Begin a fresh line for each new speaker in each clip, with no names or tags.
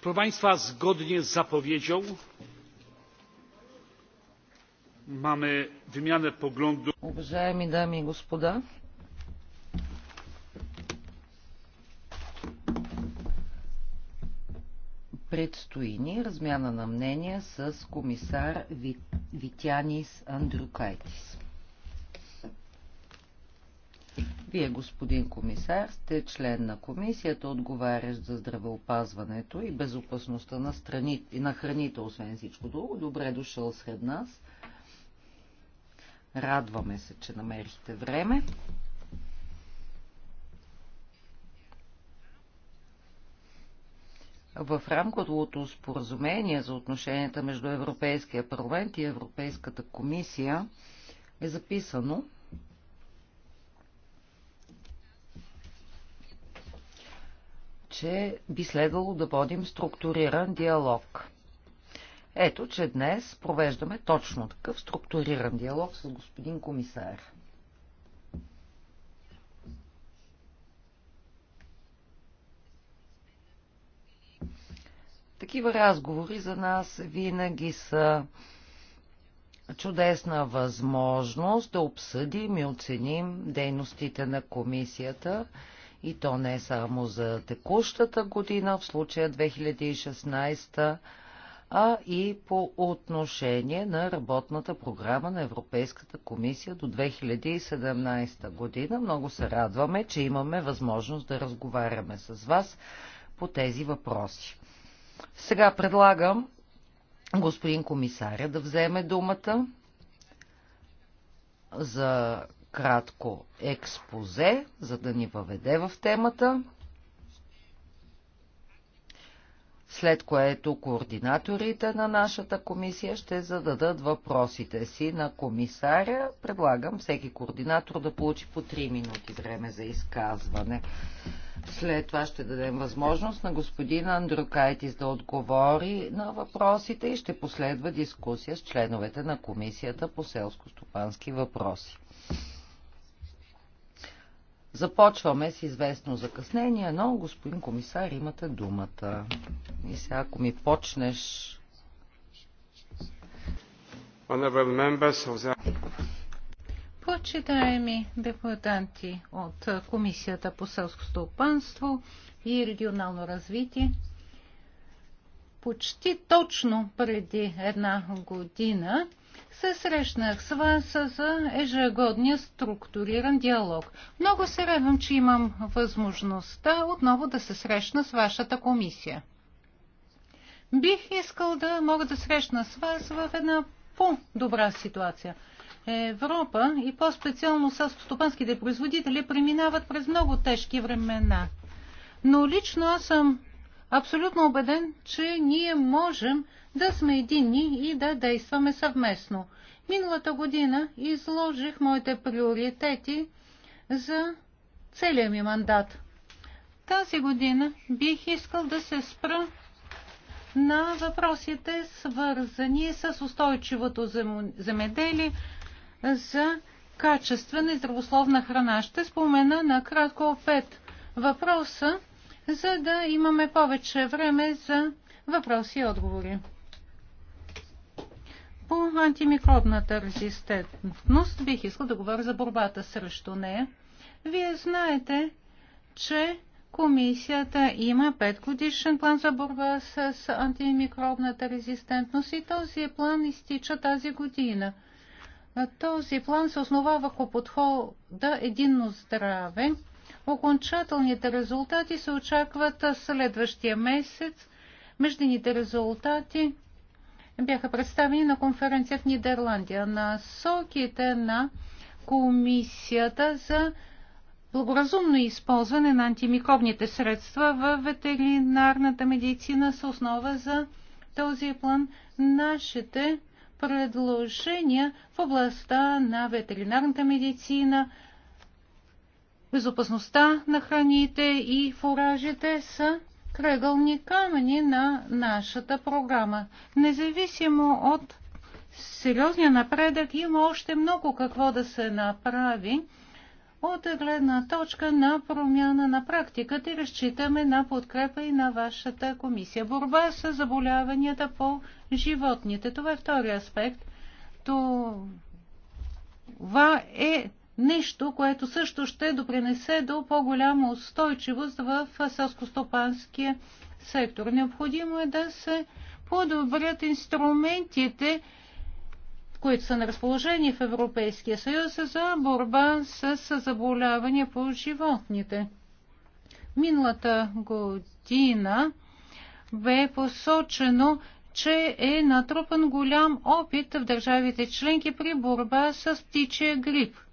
proszę państwa zgodnie z zapowiedzią mamy wymianę poglądów уважаеми
дами и господа предстои ни размяна на мнения с комисар Витянис Андрюкайтис. Вие, господин комисар, сте член на комисията, отговарящ за здравеопазването и безопасността на, страни, и на храните, освен всичко друго. Добре дошъл сред нас. Радваме се, че намерихте време. в рамковото споразумение за отношенията между Европейския парламент и Европейската комисия е записано, че би следвало да водим структуриран диалог. Ето, че днес провеждаме точно такъв структуриран диалог с господин комисар. Такива разговори за нас винаги са чудесна възможност да обсъдим и оценим дейностите на комисията и то не само за текущата година, в случая 2016, а и по отношение на работната програма на Европейската комисия до 2017 година. Много се радваме, че имаме възможност да разговаряме с вас по тези въпроси. Сега предлагам господин комисаря да вземе думата за кратко експозе, за да ни въведе в темата, след което координаторите на нашата комисия ще зададат въпросите си на комисаря. Предлагам всеки координатор да получи по 3 минути време за изказване. След това ще дадем възможност на господин Андрюкайтис да отговори на въпросите и ще последва дискусия с членовете на Комисията по селско-стопански въпроси. Започваме с известно закъснение, но господин комисар, имате думата. И сега, ако ми почнеш...
Почитаеми депутати от Комисията по селско стопанство и регионално развитие, почти точно преди една година се срещнах с вас за ежегодния структуриран диалог. Много се радвам, че имам възможността отново да се срещна с вашата комисия. Бих искал да мога да срещна с вас в една по-добра ситуация. Европа и по-специално селскостопанските производители преминават през много тежки времена. Но лично аз съм абсолютно убеден, че ние можем да сме единни и да действаме съвместно. Миналата година изложих моите приоритети за целия ми мандат. Тази година бих искал да се спра на въпросите, свързани с устойчивото земеделие за качествена и здравословна храна. Ще спомена накратко пет въпроса, за да имаме повече време за въпроси и отговори. По антимикробната резистентност бих искал да говоря за борбата срещу нея. Вие знаете, че комисията има 5 годишен план за борба с антимикробната резистентност и този план изтича тази година. Този план се основа върху подхода единно здраве Окончателните резултати се очакват следващия месец. Междините резултати бяха представени на конференция в Нидерландия. Насоките на Комисията за благоразумно използване на антимикробните средства в ветеринарната медицина с основа за този план. Нашите предложения в областта на ветеринарната медицина безопасността на храните и фуражите са кръгълни камъни на нашата програма. Независимо от сериозния напредък, има още много какво да се направи от гледна точка на промяна на практиката и разчитаме на подкрепа и на вашата комисия. Борба с заболяванията по животните. Това е втори аспект. Това е нещо, което също ще допринесе до по-голяма устойчивост в селскостопанския сектор. Необходимо е да се подобрят инструментите, които са на разположение в Европейския съюз за борба с заболявания по животните. Миналата година бе посочено, че е натрупан голям опит в държавите членки при борба с птичия грип –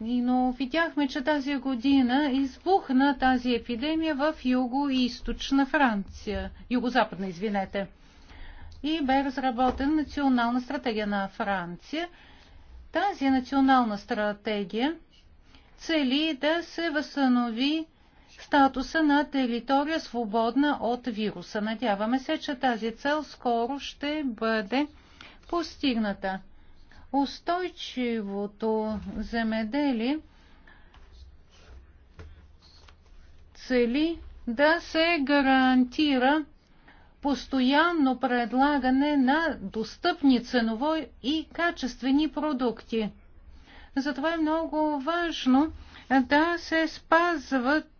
но видяхме, че тази година избухна тази епидемия в юго-источна Франция, юго-западна, извинете. И бе разработена национална стратегия на Франция. Тази национална стратегия цели да се възстанови статуса на територия свободна от вируса. Надяваме се, че тази цел скоро ще бъде постигната. Устойчивото земеделие цели да се гарантира постоянно предлагане на достъпни ценово и качествени продукти. Затова е много важно да се спазват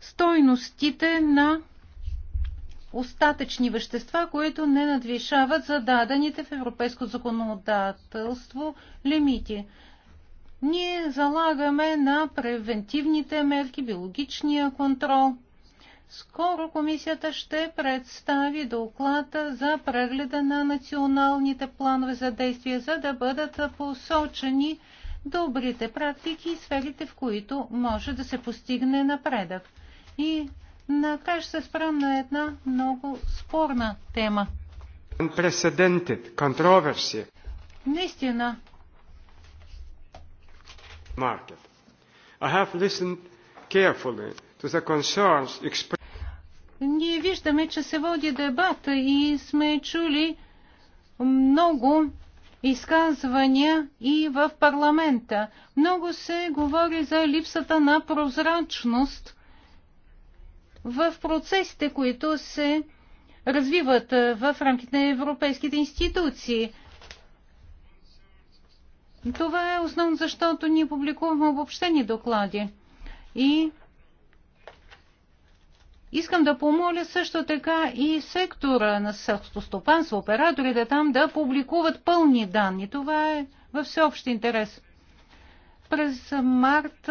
стойностите на остатъчни вещества, които не надвишават зададените в европейско законодателство лимити. Ние залагаме на превентивните мерки, биологичния контрол. Скоро комисията ще представи доклада за прегледа на националните планове за действие, за да бъдат посочени добрите практики и сферите, в които може да се постигне напредък. И Накрая ще се спрем на една много спорна тема.
Unprecedented controversy.
Наистина.
Market. I have listened carefully to the concerns expressed.
Ние виждаме, че се води дебат и сме чули много изказвания и в парламента. Много се говори за липсата на прозрачност в процесите, които се развиват в рамките на европейските институции. Това е основно, защото ние публикуваме обобщени доклади. И искам да помоля също така и сектора на селскостопанство, операторите там да публикуват пълни данни. Това е във всеобщ интерес. През март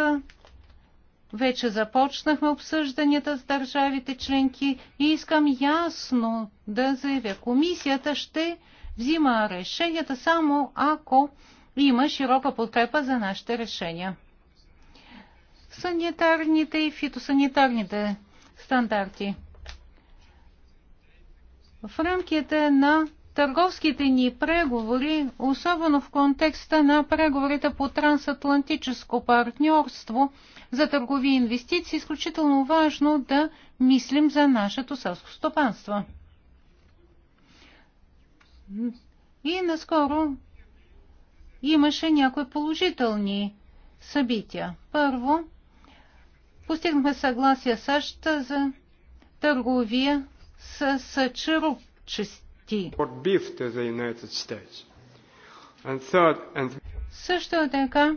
вече започнахме обсъжданията с държавите членки и искам ясно да заявя. Комисията ще взима решенията само ако има широка подкрепа за нашите решения. Санитарните и фитосанитарните стандарти. В рамките на търговските ни преговори, особено в контекста на преговорите по трансатлантическо партньорство за търгови и инвестиции, е изключително важно да мислим за нашето селско стопанство. И наскоро имаше някои положителни събития. Първо, постигнахме съгласие САЩ за търговия с черупчести
продукти.
Също е така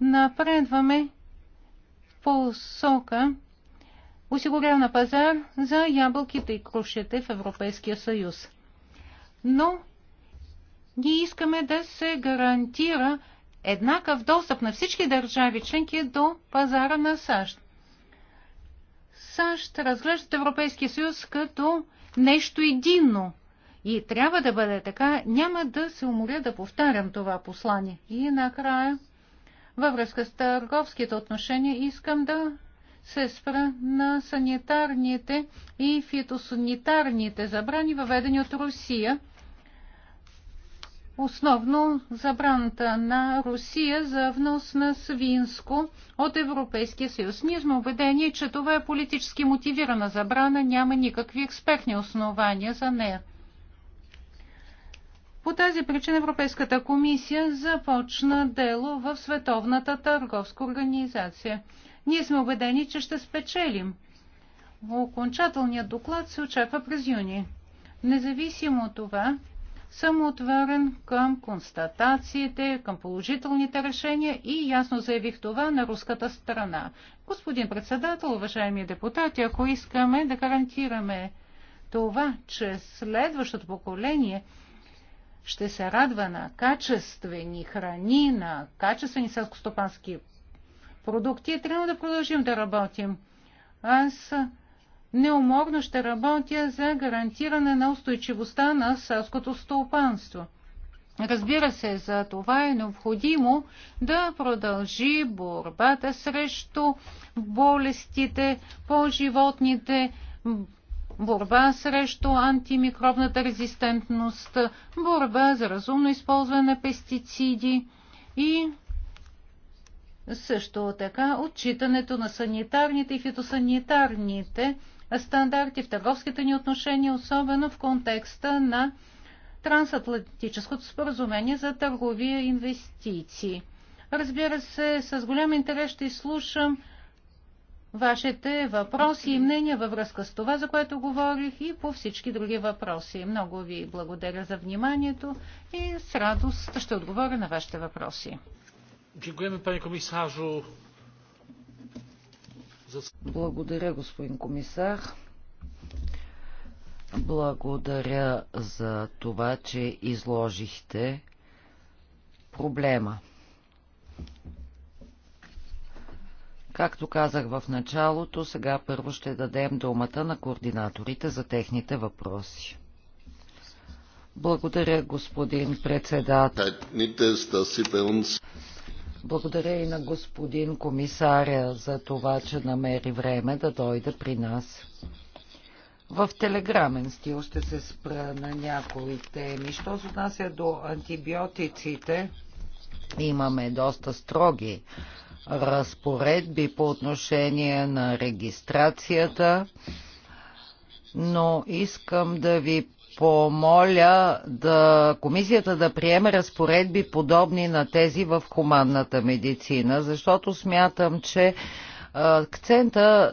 напредваме в посока на пазар за ябълките и крушите в Европейския съюз. Но ние искаме да се гарантира еднакъв достъп на всички държави членки до пазара на САЩ. САЩ разглеждат Европейския съюз като нещо единно. И трябва да бъде така. Няма да се уморя да повтарям това послание. И накрая, във връзка с търговските отношения, искам да се спра на санитарните и фитосанитарните забрани, въведени от Русия. Основно забраната на Русия за внос на свинско от Европейския съюз. Ние сме убедени, че това е политически мотивирана забрана, няма никакви експертни основания за нея. По тази причина Европейската комисия започна дело в Световната търговска организация. Ние сме убедени, че ще спечелим. Окончателният доклад се очаква през юни. Независимо от това, съм отворен към констатациите, към положителните решения и ясно заявих това на руската страна. Господин председател, уважаеми депутати, ако искаме да гарантираме това, че следващото поколение – ще се радва на качествени храни, на качествени селскостопански продукти, трябва да продължим да работим. Аз неуморно ще работя за гарантиране на устойчивостта на селското стопанство. Разбира се, за това е необходимо да продължи борбата срещу болестите по животните, борба срещу антимикробната резистентност, борба за разумно използване на пестициди и също така отчитането на санитарните и фитосанитарните стандарти в търговските ни отношения, особено в контекста на трансатлантическото споразумение за търговия инвестиции. Разбира се, с голям интерес ще изслушам вашите въпроси и мнения във връзка с това, за което говорих и по всички други въпроси. Много ви благодаря за вниманието и с
радост ще отговоря на вашите въпроси. Благодаря, господин комисар. Благодаря за това, че изложихте проблема. Както казах в началото, сега първо ще дадем думата на координаторите за техните въпроси. Благодаря, господин председател. Благодаря и на господин комисаря за това, че намери време да дойде при нас. В телеграмен стил ще се спра на някои теми. Що се отнася до антибиотиците, имаме доста строги разпоредби по отношение на регистрацията, но искам да ви помоля да, комисията да приеме разпоредби подобни на тези в хуманната медицина, защото смятам, че акцента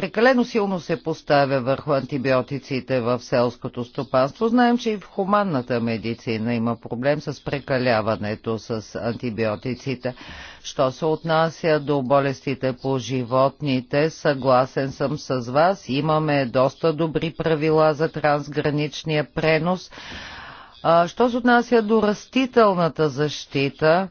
Прекалено силно се поставя върху антибиотиците в селското стопанство. Знаем, че и в хуманната медицина има проблем с прекаляването с антибиотиците. Що се отнася до болестите по животните, съгласен съм с вас. Имаме доста добри правила за трансграничния пренос. Що се отнася до растителната защита,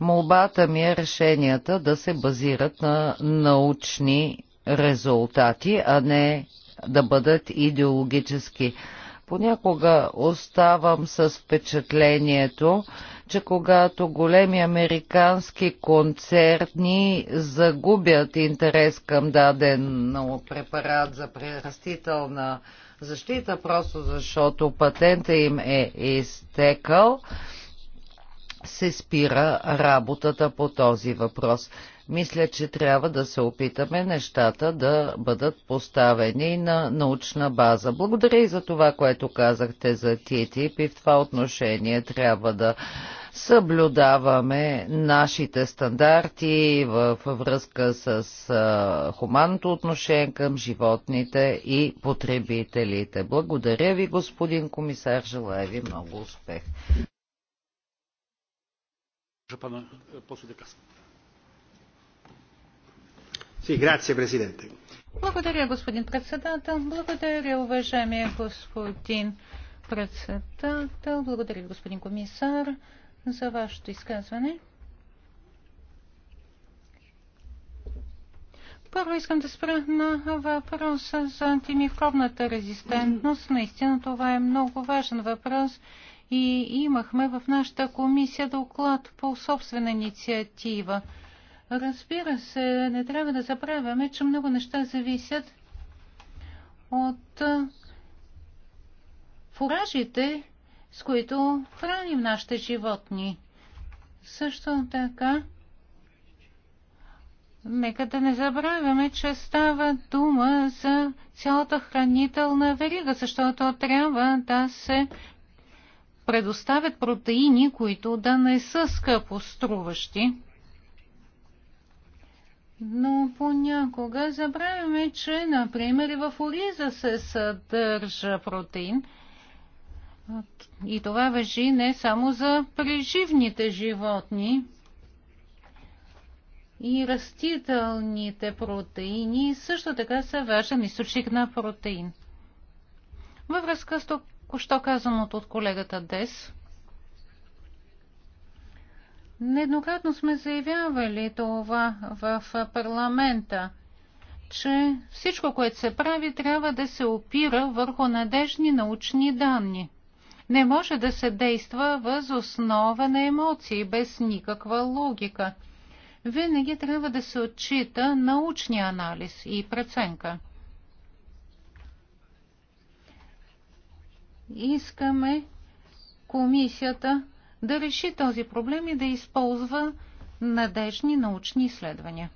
молбата ми е решенията да се базират на научни резултати, а не да бъдат идеологически. Понякога оставам с впечатлението, че когато големи американски концерни загубят интерес към даден препарат за прерастителна защита, просто защото патента им е изтекал, се спира работата по този въпрос. Мисля, че трябва да се опитаме нещата да бъдат поставени на научна база. Благодаря и за това, което казахте за ТТИП и в това отношение трябва да съблюдаваме нашите стандарти в връзка с а, хуманното отношение към животните и потребителите. Благодаря ви, господин комисар. Желая ви много успех.
Proszę е, после да
благодаря, господин председател. Благодаря, уважаеми господин председател. Благодаря, господин комисар, за вашето изказване. Първо искам да спра на въпроса за антимикробната резистентност. Наистина това е много важен въпрос и имахме в нашата комисия доклад по собствена инициатива – Разбира се, не трябва да забравяме, че много неща зависят от фуражите, с които храним нашите животни. Също така, нека да не забравяме, че става дума за цялата хранителна верига, защото трябва да се предоставят протеини, които да не са скъпо струващи. Но понякога забравяме, че, например, и в ориза се съдържа протеин. И това въжи не само за преживните животни. И растителните протеини също така са важен източник на протеин. Във връзка с току-що казаното от колегата Дес – Нееднократно сме заявявали това в парламента, че всичко, което се прави, трябва да се опира върху надежни научни данни. Не може да се действа въз основа на емоции, без никаква логика. Винаги трябва да се отчита научния анализ и преценка. Искаме комисията да реши този проблем и да използва надежни научни изследвания.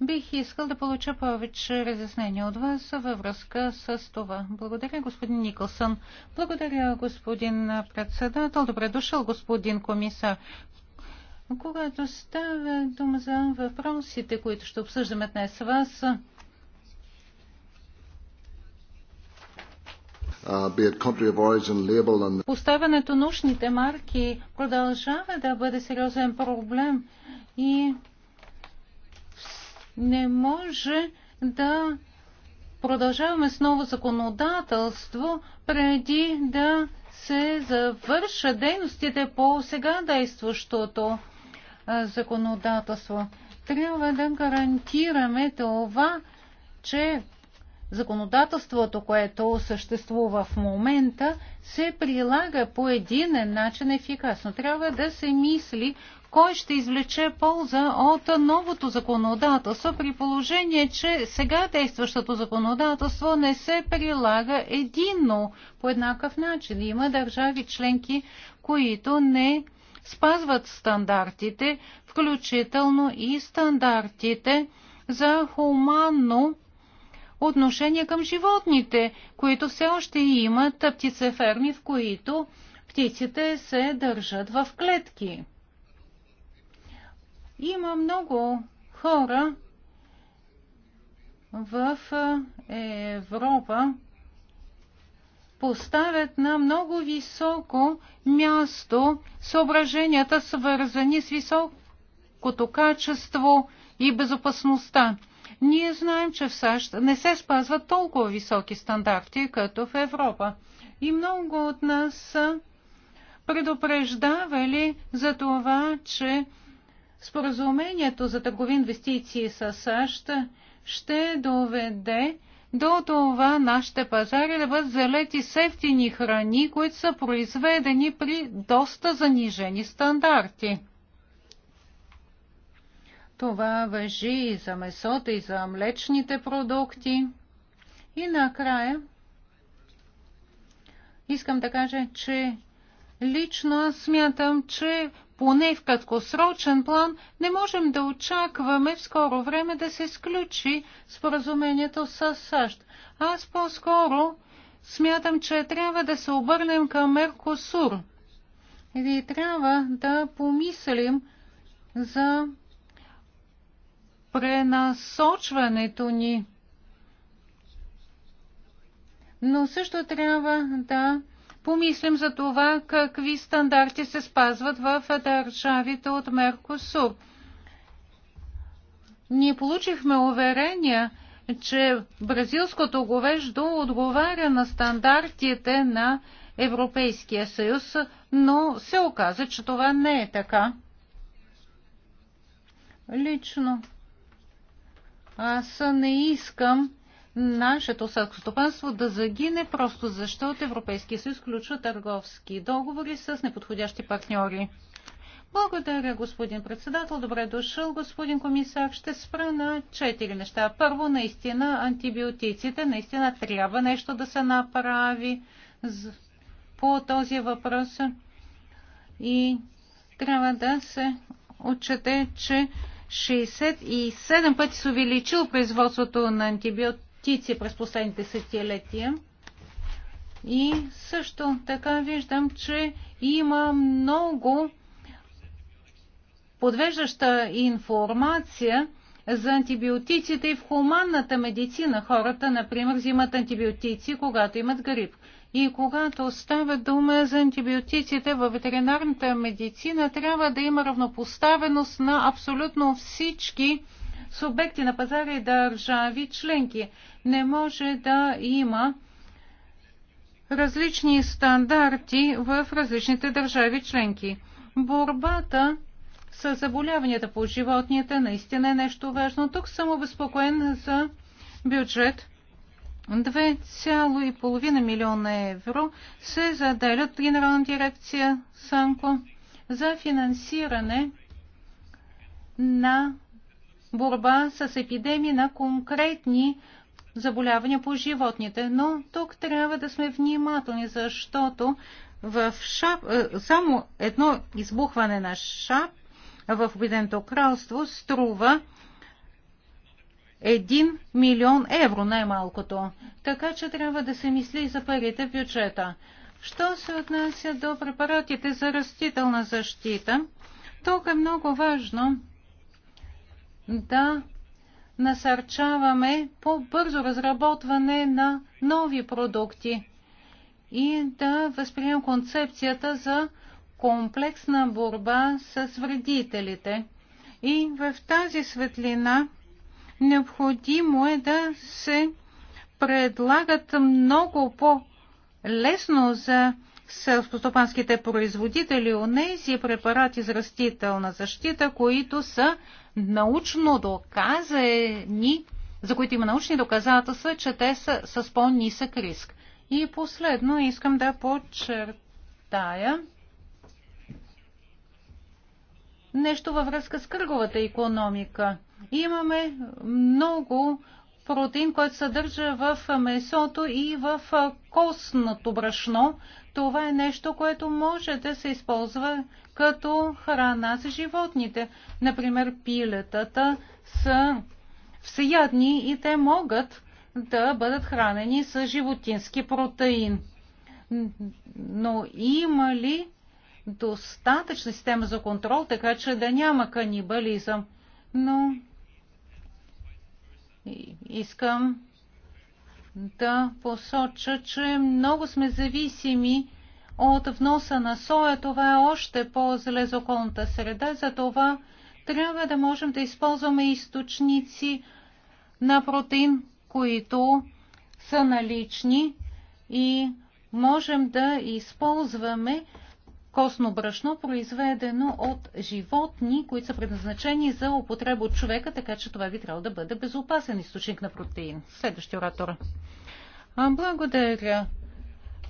Бих искал да получа повече разяснения от вас във връзка с това. Благодаря, господин Никълсън. Благодаря, господин председател. Добре дошъл, господин комисар. Когато става дума за въпросите, които ще обсъждаме днес с вас,
Uh,
Поставянето на ушните марки продължава да бъде сериозен проблем и не може да продължаваме с ново законодателство преди да се завършат дейностите по сега действащото законодателство. Трябва да гарантираме това, че законодателството, което съществува в момента, се прилага по един начин ефикасно. Трябва да се мисли кой ще извлече полза от новото законодателство при положение, че сега действащото законодателство не се прилага единно по еднакъв начин. Има държави членки, които не спазват стандартите, включително и стандартите за хуманно отношение към животните, които все още имат птицеферми, в които птиците се държат в клетки. Има много хора в Европа, поставят на много високо място съображенията, свързани с високото качество и безопасността. Ние знаем, че в САЩ не се спазват толкова високи стандарти, като в Европа. И много от нас са предупреждавали за това, че споразумението за търгови инвестиции с САЩ ще доведе до това нашите пазари да бъдат залети с ефтини храни, които са произведени при доста занижени стандарти. Това въжи и за месото, и за млечните продукти. И накрая искам да кажа, че лично аз смятам, че поне в краткосрочен план не можем да очакваме в скоро време да се сключи споразумението с САЩ. Аз по-скоро смятам, че трябва да се обърнем към Меркосур. И трябва да помислим за пренасочването ни. Но също трябва да помислим за това какви стандарти се спазват в държавите от Меркосур. Ние получихме уверения, че бразилското говеждо отговаря на стандартите на Европейския съюз, но се оказа, че това не е така. Лично аз не искам нашето селскостопанство да загине просто защото Европейския съюз включва търговски договори с неподходящи партньори. Благодаря, господин председател. Добре дошъл, господин комисар. Ще спра на четири неща. Първо, наистина, антибиотиците. Наистина трябва нещо да се направи по този въпрос. И трябва да се отчете, че 67 пъти се увеличил производството на антибиотици през последните сетилетия И също така виждам, че има много подвеждаща информация за антибиотиците и в хуманната медицина. Хората, например, взимат антибиотици, когато имат грип. И когато става дума за антибиотиците в ветеринарната медицина, трябва да има равнопоставеност на абсолютно всички субекти на пазара и държави членки. Не може да има различни стандарти в различните държави членки. Борбата с заболяванията по животните наистина е нещо важно. Тук съм обезпокоен за бюджет 2,5 милиона евро се заделят Генерална дирекция Санко за финансиране на борба с епидемии на конкретни заболявания по животните. Но тук трябва да сме внимателни, защото в шап... Е, само едно избухване на шап в Обединеното кралство струва 1 милион евро най-малкото. Така че трябва да се мисли и за парите в бюджета. Що се отнася до препаратите за растителна защита, тук е много важно да насърчаваме по-бързо разработване на нови продукти и да възприемем концепцията за комплексна борба с вредителите. И в тази светлина Необходимо е да се предлагат много по-лесно за селскостопанските производители нези препарати за растителна защита, които са научно доказани, за които има научни доказателства, че те са с по-нисък риск. И последно искам да подчертая нещо във връзка с кръговата економика – имаме много протеин, който съдържа в месото и в костното брашно. Това е нещо, което може да се използва като храна за животните. Например, пилетата са всеядни и те могат да бъдат хранени с животински протеин. Но има ли достатъчна система за контрол, така че да няма канибализъм? Но искам да посоча, че много сме зависими от вноса на соя. Това е още по-зле за околната среда, затова трябва да можем да използваме източници на протеин, които са налични и можем да използваме косно брашно, произведено от животни, които са предназначени за употреба от човека, така че това би трябвало да бъде безопасен източник на протеин. Следващия оратор. Благодаря,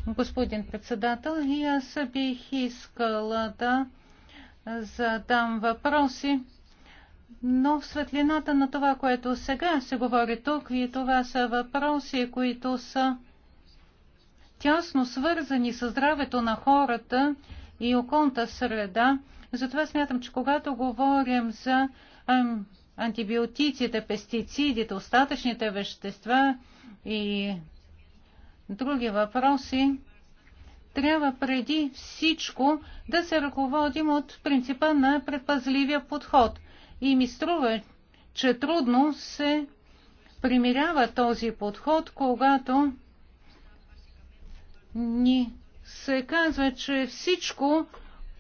господин председател. И аз бих искала да задам въпроси. Но в светлината на това, което сега се говори тук, и това са въпроси, които са тясно свързани с здравето на хората и околната среда. Затова смятам, че когато говорим за антибиотиците, пестицидите, остатъчните вещества и други въпроси, трябва преди всичко да се ръководим от принципа на предпазливия подход. И ми струва, че трудно се примирява този подход, когато ни се казва, че всичко,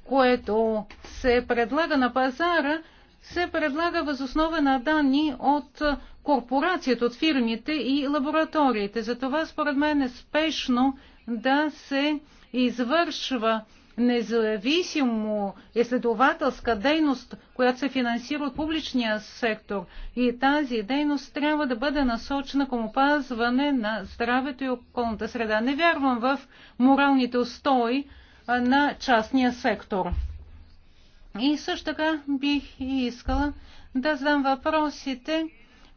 което се предлага на пазара, се предлага възоснова на данни от корпорацията, от фирмите и лабораториите. Затова според мен е спешно да се извършва независимо изследователска дейност, която се финансира от публичния сектор. И тази дейност трябва да бъде насочена към опазване на здравето и околната среда. Не вярвам в моралните устои на частния сектор. И също така бих искала да задам въпросите,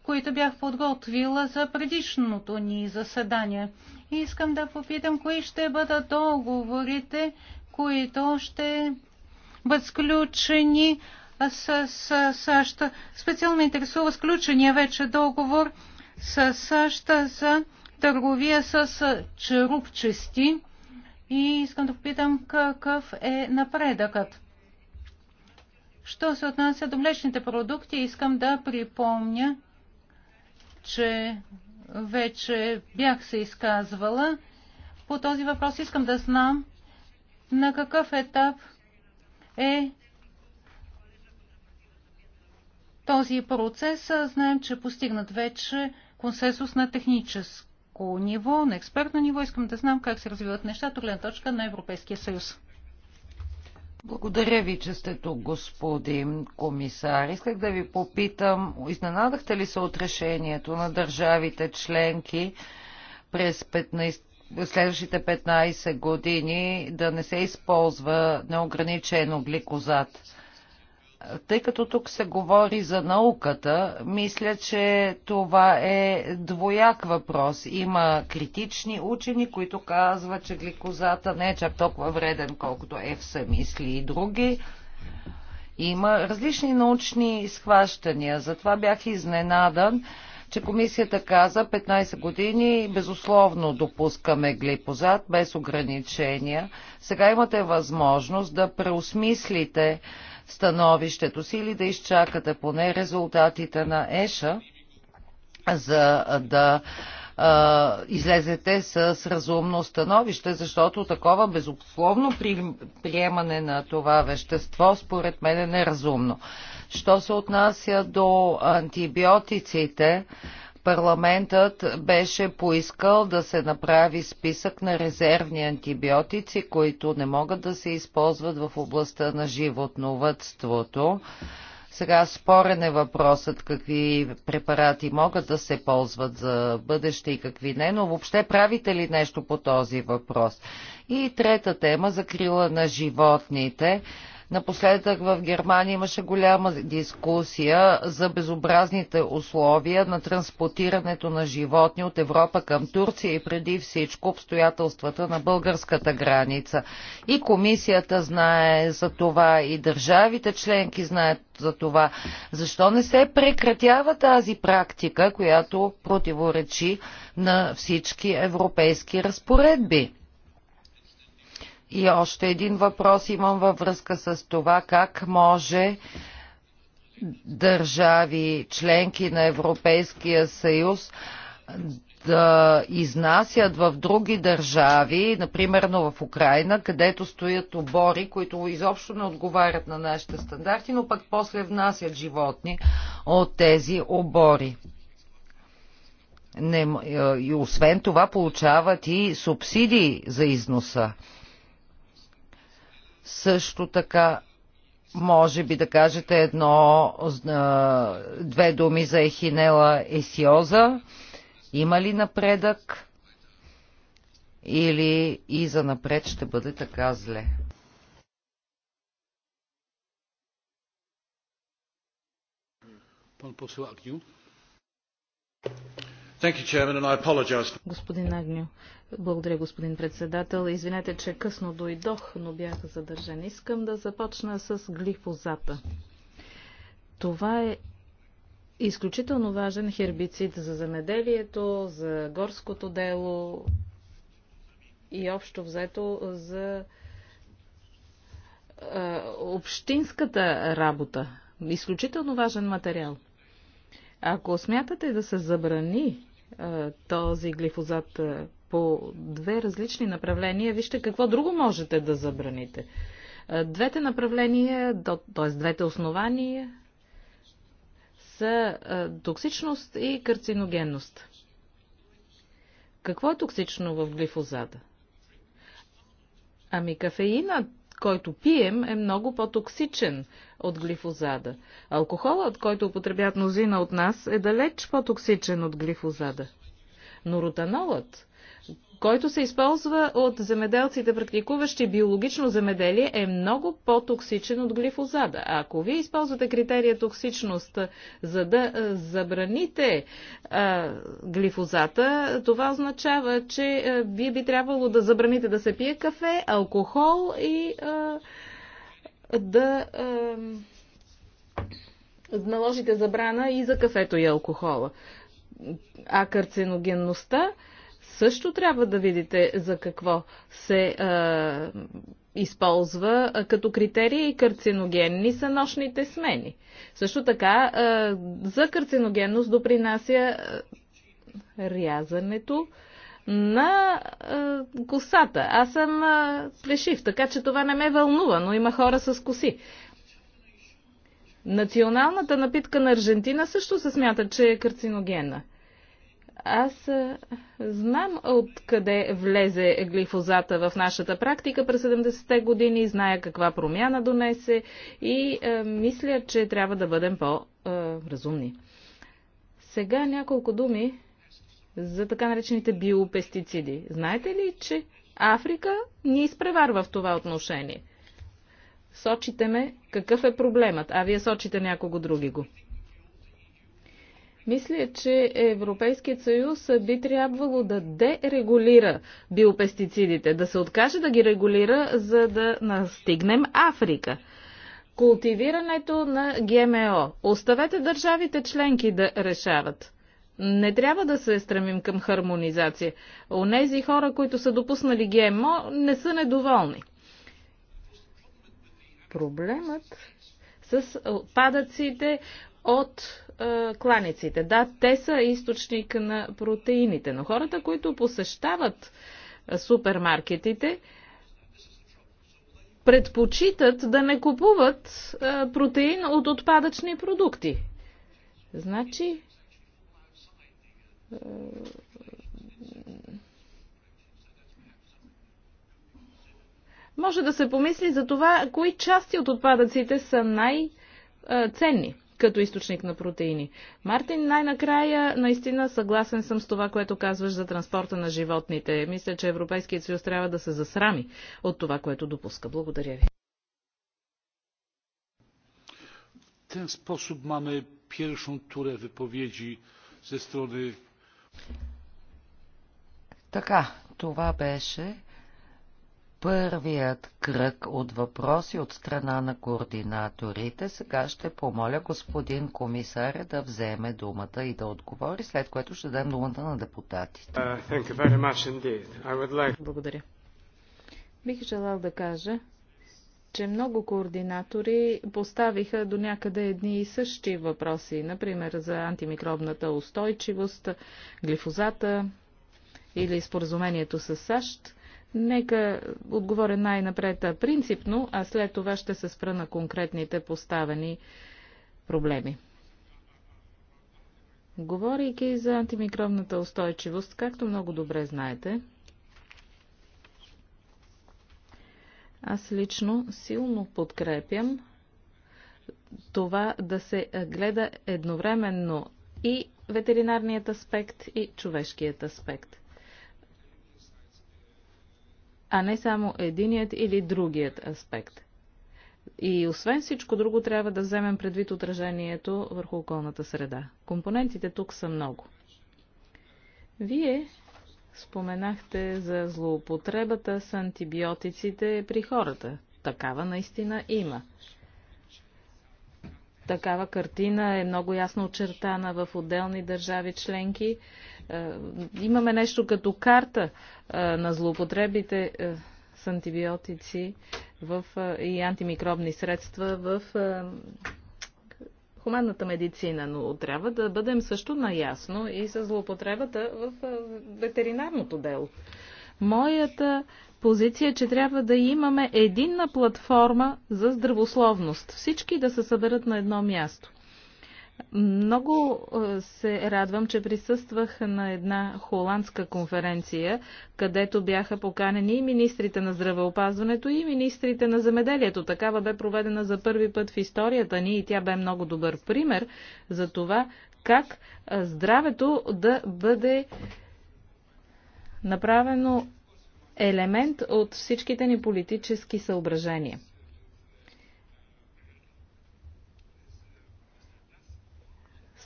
които бях подготвила за предишното ни заседание. Искам да попитам, кои ще бъдат договорите, които ще бъдат сключени с, с САЩ. Специално ме интересува сключения вече договор с САЩ за търговия с черупчести. И искам да попитам какъв е напредъкът. Що се отнася до млечните продукти, искам да припомня, че вече бях се изказвала. По този въпрос искам да знам на какъв етап е този процес. Знаем, че е постигнат вече консенсус на техническо ниво, на експертно ниво. Искам да знам как се развиват нещата от гледна точка на Европейския
съюз. Благодаря ви, че сте тук, господин комисар. Исках да ви попитам, изненадахте ли се от решението на държавите членки през 15 следващите 15 години да не се използва неограничено гликозат. Тъй като тук се говори за науката, мисля, че това е двояк въпрос. Има критични учени, които казват, че гликозата не е чак толкова вреден, колкото ЕФСА мисли и други. Има различни научни схващания, затова бях изненадан, че комисията каза 15 години безусловно допускаме глипозат без ограничения. Сега имате възможност да преосмислите становището си или да изчакате поне резултатите на ЕША, за да а, излезете с разумно становище, защото такова безусловно при, приемане на това вещество според мен е неразумно. Що се отнася до антибиотиците, парламентът беше поискал да се направи списък на резервни антибиотици, които не могат да се използват в областта на животновътството. Сега спорен е въпросът какви препарати могат да се ползват за бъдеще и какви не, но въобще правите ли нещо по този въпрос? И трета тема – закрила на животните. Напоследък в Германия имаше голяма дискусия за безобразните условия на транспортирането на животни от Европа към Турция и преди всичко обстоятелствата на българската граница. И комисията знае за това, и държавите членки знаят за това. Защо не се прекратява тази практика, която противоречи на всички европейски разпоредби? И още един въпрос имам във връзка с това как може държави, членки на Европейския съюз, да изнасят в други държави, например в Украина, където стоят обори, които изобщо не отговарят на нашите стандарти, но пък после внасят животни от тези обори. Не, е, и освен това получават и субсидии за износа. Също така може би да кажете едно, две думи за Ехинела Есиоза. Има ли напредък? Или и за напред ще бъде така зле?
Господин Агню, благодаря, господин председател. Извинете, че късно дойдох, но бях задържан. Искам да започна с глифозата. Това е изключително важен хербицид за земеделието, за горското дело и общо взето за общинската работа. Изключително важен материал. Ако смятате да се забрани този глифозат по две различни направления, вижте какво друго можете да забраните. Двете направления, т.е. двете основания са токсичност и карциногенност. Какво е токсично в глифозада? Ами кафеинът който пием, е много по-токсичен от глифозада. Алкохолът, който употребят мнозина от нас, е далеч по-токсичен от глифозада. Но ротанолът, който се използва от земеделците, практикуващи биологично земеделие, е много по-токсичен от глифозада. А ако вие използвате критерия токсичност, за да забраните а, глифозата, това означава, че а, вие би трябвало да забраните да се пие кафе, алкохол и а, да наложите забрана и за кафето и алкохола. А карциногенността също трябва да видите за какво се е, използва като критерии и карциногенни са нощните смени. Също така е, за карциногенност допринася е, рязането на е, косата. Аз съм е, плешив, така че това не ме вълнува, но има хора с коси. Националната напитка на Аржентина също се смята, че е карциногена. Аз знам откъде влезе глифозата в нашата практика през 70-те години, зная каква промяна донесе и мисля, че трябва да бъдем по-разумни. Сега няколко думи за така наречените биопестициди. Знаете ли, че Африка ни изпреварва в това отношение? Сочите ме какъв е проблемът, а вие сочите някого други го. Мисля, че Европейският съюз би трябвало да дерегулира биопестицидите, да се откаже да ги регулира, за да настигнем Африка. Култивирането на ГМО. Оставете държавите членки да решават. Не трябва да се стремим към хармонизация. Онези хора, които са допуснали ГМО, не са недоволни. Проблемът с отпадъците от е, кланиците. Да, те са източник на протеините, но хората, които посещават е, супермаркетите, предпочитат да не купуват е, протеин от отпадъчни продукти. Значи. Е, може да се помисли за това, кои части от отпадъците са най-ценни. Е, като източник на протеини. Мартин, най-накрая, наистина съгласен съм с това, което казваш за транспорта на животните. Мисля, че Европейският съюз трябва да се засрами от това, което допуска. Благодаря ви.
ten sposób mamy pierwszą turę wypowiedzi ze strony.
Така, това беше първият кръг от въпроси от страна на координаторите. Сега ще помоля господин комисаря да вземе думата и да отговори, след което ще дадем думата на депутатите.
Uh, like... Благодаря.
Бих желал да кажа, че много координатори поставиха до някъде едни и същи въпроси, например за антимикробната устойчивост, глифозата или споразумението с САЩ. Нека отговоря най-напред принципно, а след това ще се спра на конкретните поставени проблеми. Говорейки за антимикробната устойчивост, както много добре знаете, аз лично силно подкрепям това да се гледа едновременно и ветеринарният аспект, и човешкият аспект а не само единият или другият аспект. И освен всичко друго трябва да вземем предвид отражението върху околната среда. Компонентите тук са много. Вие споменахте за злоупотребата с антибиотиците при хората. Такава наистина има. Такава картина е много ясно очертана в отделни държави членки е, имаме нещо като карта е, на злоупотребите е, с антибиотици в, и антимикробни средства в хуманната медицина, но трябва да бъдем също наясно и с злоупотребата в ветеринарното дело. Моята позиция е, че трябва да имаме единна платформа за здравословност. Всички да се съберат на едно място. Много е, се радвам, че присъствах на една холандска конференция, където бяха поканени и министрите на здравеопазването и министрите на земеделието. Такава бе проведена за първи път в историята ни и тя бе много добър пример за това как е, здравето да бъде направено елемент от всичките ни политически съображения.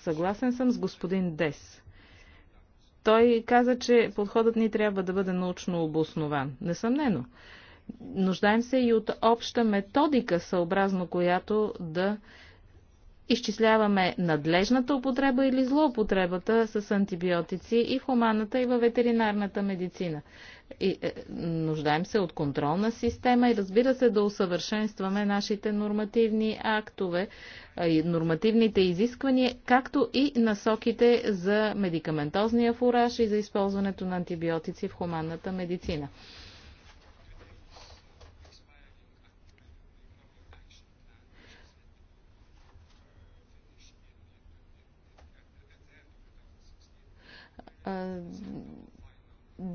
Съгласен съм с господин Дес. Той каза, че подходът ни трябва да бъде научно обоснован. Несъмнено. Нуждаем се и от обща методика, съобразно която да изчисляваме надлежната употреба или злоупотребата с антибиотици и в хуманната и в ветеринарната медицина. И, е, нуждаем се от контролна система и разбира се да усъвършенстваме нашите нормативни актове и нормативните изисквания, както и насоките за медикаментозния фураж и за използването на антибиотици в хуманната медицина.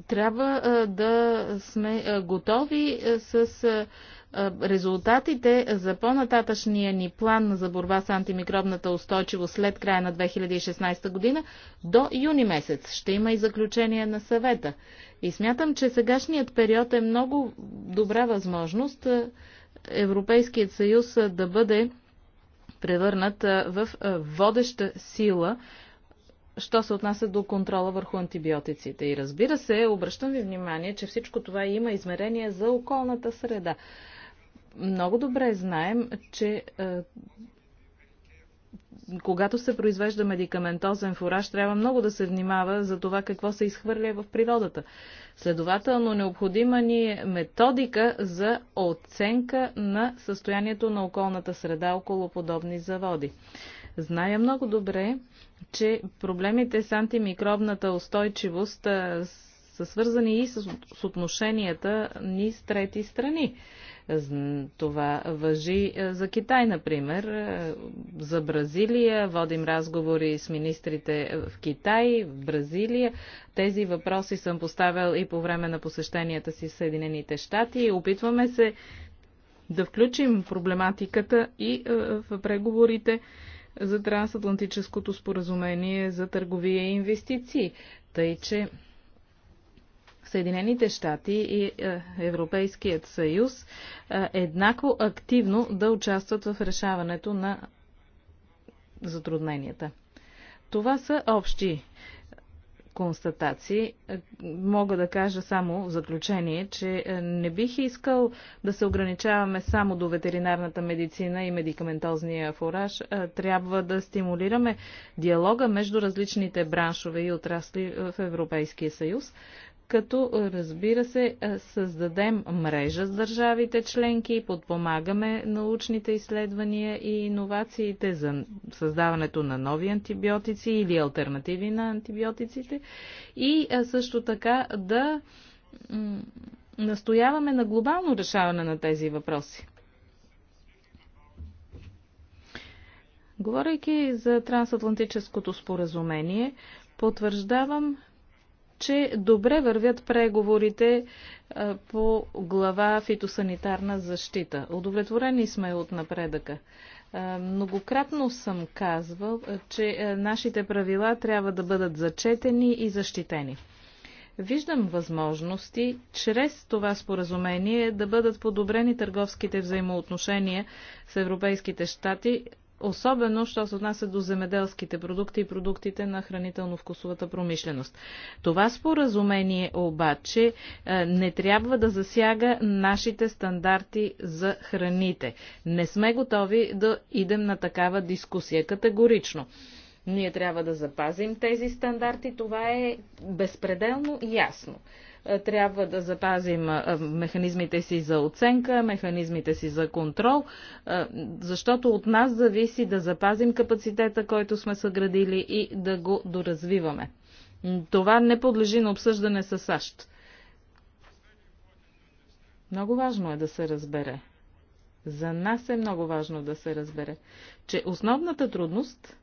трябва да сме готови с резултатите за по-нататъчния ни план за борба с антимикробната устойчивост след края на 2016 година до юни месец. Ще има и заключение на съвета. И смятам, че сегашният период е много добра възможност Европейският съюз да бъде превърнат в водеща сила що се отнася до контрола върху антибиотиците. И разбира се, обръщам ви внимание, че всичко това има измерение за околната среда. Много добре знаем, че е, когато се произвежда медикаментозен фураж, трябва много да се внимава за това какво се изхвърля в природата. Следователно, необходима ни е методика за оценка на състоянието на околната среда около подобни заводи. Зная много добре, че проблемите с антимикробната устойчивост са свързани и с отношенията ни с трети страни. Това въжи за Китай, например. За Бразилия водим разговори с министрите в Китай, в Бразилия. Тези въпроси съм поставил и по време на посещенията си в Съединените щати. Опитваме се да включим проблематиката и в преговорите за трансатлантическото споразумение за търговия и инвестиции. Тъй, че Съединените щати и е, Европейският съюз е, еднакво активно да участват в решаването на затрудненията. Това са общи констатации. Мога да кажа само в заключение, че е, не бих искал да се ограничаваме само до ветеринарната медицина и медикаментозния фураж. Е, трябва да стимулираме диалога между различните браншове и отрасли е, в Европейския съюз като разбира се създадем мрежа с държавите членки, подпомагаме научните изследвания и иновациите за създаването на нови антибиотици или альтернативи на антибиотиците и също така да настояваме на глобално решаване на тези въпроси. Говорейки за трансатлантическото споразумение, потвърждавам че добре вървят преговорите е, по глава фитосанитарна защита. Удовлетворени сме от напредъка. Е, многократно съм казвал, е, че нашите правила трябва да бъдат зачетени и защитени. Виждам възможности чрез това споразумение да бъдат подобрени търговските взаимоотношения с европейските щати особено, що се отнася до земеделските продукти и продуктите на хранително-вкусовата промишленост. Това споразумение обаче е, не трябва да засяга нашите стандарти за храните. Не сме готови да идем на такава дискусия категорично. Ние трябва да запазим тези стандарти, това е безпределно ясно. Е, трябва да запазим е, механизмите си за оценка, механизмите си за контрол, е, защото от нас зависи да запазим капацитета, който сме съградили и да го доразвиваме. Това не подлежи на обсъждане с САЩ. Много важно е да се разбере. За нас е много важно да се разбере, че основната трудност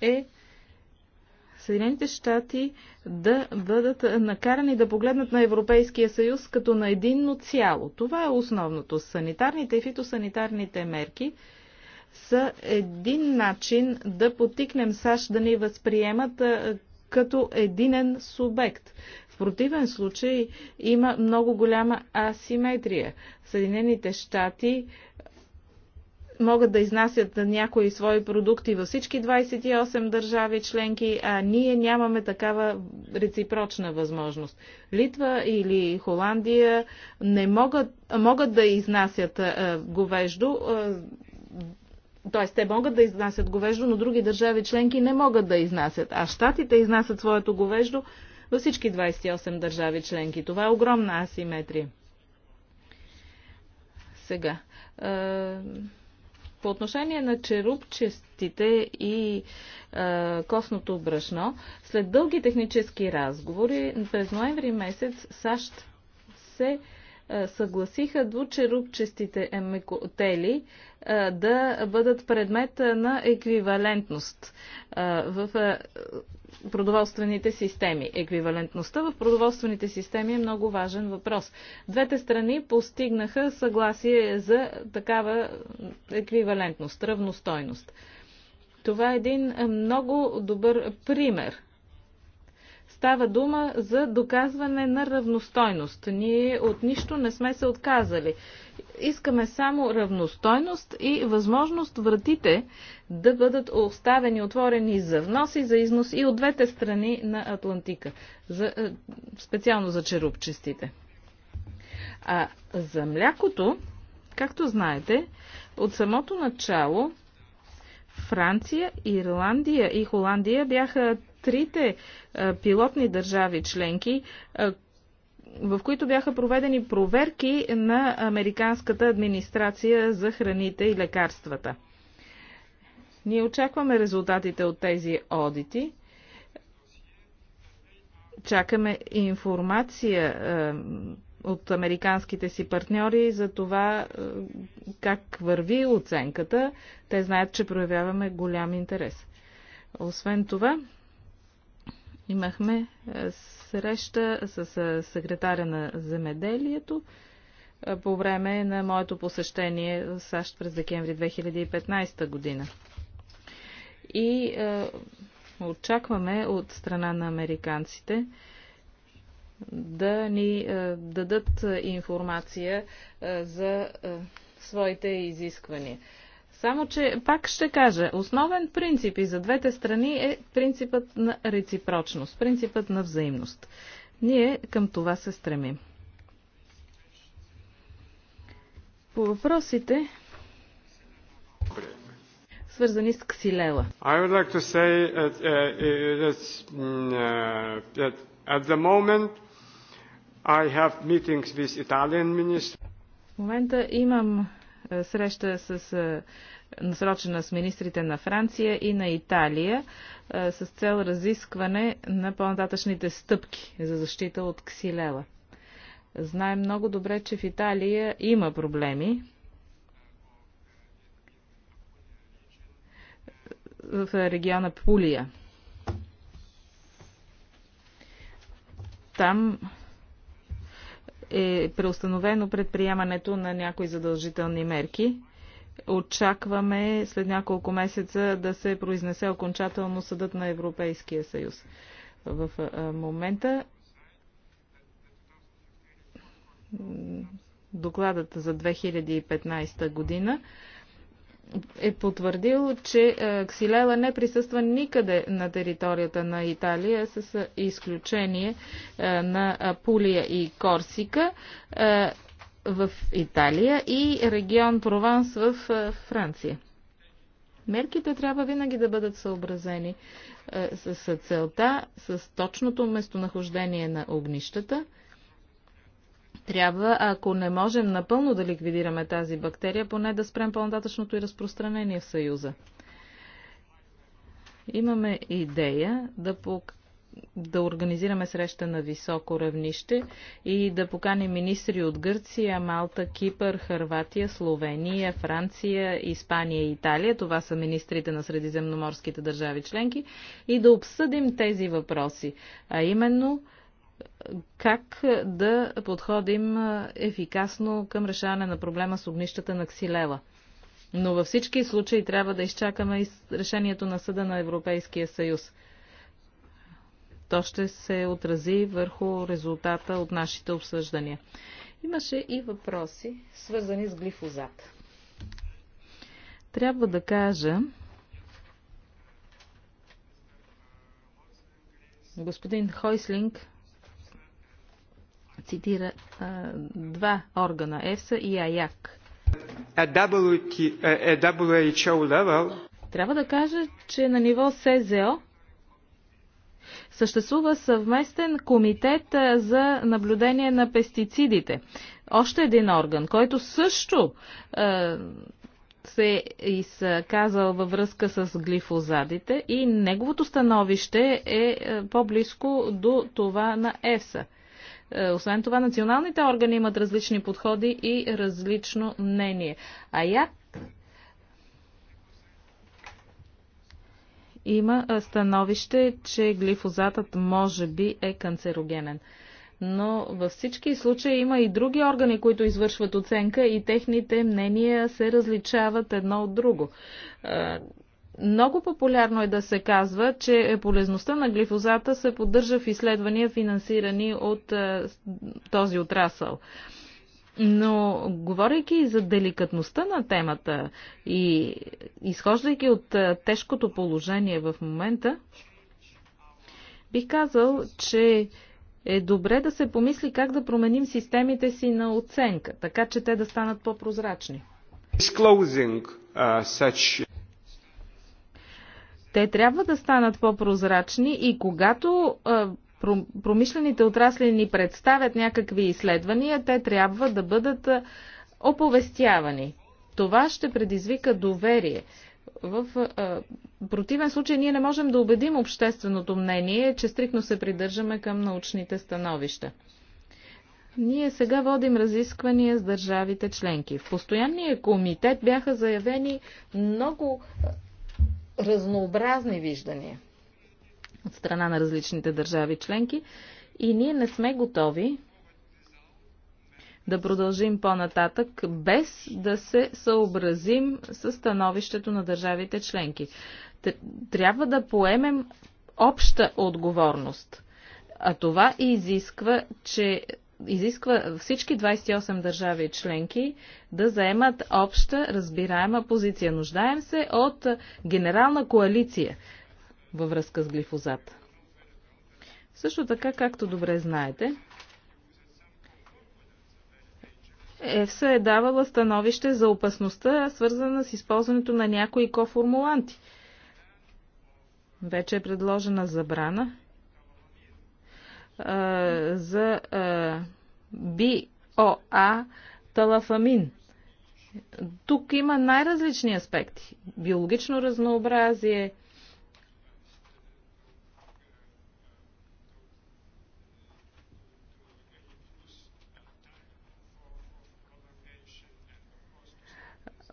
е Съединените щати да бъдат накарани да погледнат на Европейския съюз като на единно цяло. Това е основното. Санитарните и фитосанитарните мерки са един начин да потикнем САЩ да ни възприемат като единен субект. В противен случай има много голяма асиметрия. Съединените щати могат да изнасят някои свои продукти във всички 28 държави членки, а ние нямаме такава реципрочна възможност. Литва или Холандия не могат, могат да изнасят говеждо, т.е. те могат да изнасят говеждо, но други държави членки не могат да изнасят. А щатите изнасят своето говеждо във всички 28 държави членки. Това е огромна асиметрия. Сега. По отношение на черупчестите и е, костното брашно, след дълги технически разговори, през ноември месец САЩ се съгласиха до черупчестите мекотели да бъдат предмет на еквивалентност. В продоволствените системи. Еквивалентността в продоволствените системи е много важен въпрос. Двете страни постигнаха съгласие за такава еквивалентност, равностойност. Това е един много добър пример. Става дума за доказване на равностойност. Ние от нищо не сме се отказали искаме само равностойност и възможност вратите да бъдат оставени отворени за внос и за износ и от двете страни на Атлантика, за, е, специално за черупчестите. А за млякото, както знаете, от самото начало Франция, Ирландия и Холандия бяха трите е, пилотни държави членки, е, в които бяха проведени проверки на Американската администрация за храните и лекарствата. Ние очакваме резултатите от тези одити. Чакаме информация е, от американските си партньори за това е, как върви оценката. Те знаят, че проявяваме голям интерес. Освен това, Имахме е, среща с е, секретаря на земеделието е, по време на моето посещение в САЩ през декември 2015 година. И е, очакваме от страна на американците да ни е, дадат информация е, за е, своите изисквания. Само, че пак ще кажа, основен принцип и за двете страни е принципът на реципрочност, принципът на взаимност. Ние към това се стремим. По въпросите,
свързани с Ксилела. Like that, uh, moment,
в момента имам е, среща с е, насрочена с министрите на Франция и на Италия е, с цел разискване на по-нататъчните стъпки за защита от ксилела. Знаем много добре, че в Италия има проблеми. в региона Пулия. Там е преустановено предприемането на някои задължителни мерки. Очакваме след няколко месеца да се произнесе окончателно съдът на Европейския съюз. В момента докладът за 2015 година е потвърдил, че е, ксилела не присъства никъде на територията на Италия, с е, изключение е, на Пулия и Корсика в Италия и регион Прованс в Франция. Мерките трябва винаги да бъдат съобразени с целта, с точното местонахождение на огнищата – трябва, ако не можем напълно да ликвидираме тази бактерия, поне да спрем по-нататъчното и разпространение в Съюза. Имаме идея да пок да организираме среща на високо равнище и да поканим министри от Гърция, Малта, Кипър, Харватия, Словения, Франция, Испания и Италия. Това са министрите на средиземноморските държави членки. И да обсъдим тези въпроси. А именно как е, да подходим е, ефикасно към решаване на проблема с огнищата на ксилела. Но във всички случаи трябва да изчакаме и решението на Съда на Европейския съюз. То ще се отрази върху резултата от нашите обсъждания. Имаше и въпроси, свързани с глифозат. Трябва да кажа, господин Хойслинг цитира а, два органа ЕФСА и АЯК.
Е, е,
Трябва да кажа, че на ниво СЗО съществува съвместен комитет за наблюдение на пестицидите. Още един орган, който също е, се е изказал във връзка с глифозадите и неговото становище е, е по-близко до това на ЕФСА. Е, освен това, националните органи имат различни подходи и различно мнение. А як има е, становище, че глифозатът може би е канцерогенен. Но във всички случаи има и други органи, които извършват оценка и техните мнения се различават едно от друго. Е, много популярно е да се казва, че полезността на глифозата се поддържа в изследвания, финансирани от е, този отрасъл. Но, говорейки за деликатността на темата и изхождайки от е, тежкото положение в момента, бих казал, че е добре да се помисли как да променим системите си на оценка, така че те да станат по-прозрачни.
Disclosing uh, such
те трябва да станат по-прозрачни и когато промишлените отрасли ни представят някакви изследвания, те трябва да бъдат оповестявани. Това ще предизвика доверие. В а, противен случай ние не можем да убедим общественото мнение, че стрикно се придържаме към научните становища. Ние сега водим разисквания с държавите членки. В постоянния комитет бяха заявени много разнообразни виждания от страна на различните държави членки и ние не сме готови да продължим по-нататък, без да се съобразим с становището на държавите членки. Трябва да поемем обща отговорност. А това изисква, че изисква всички 28 държави членки да заемат обща разбираема позиция. Нуждаем се от генерална коалиция във връзка с глифозат. Също така, както добре знаете, ЕФСА е давала становище за опасността, свързана с използването на някои коформуланти. Вече е предложена забрана за БОА талафамин. Тук има най-различни аспекти. Биологично разнообразие,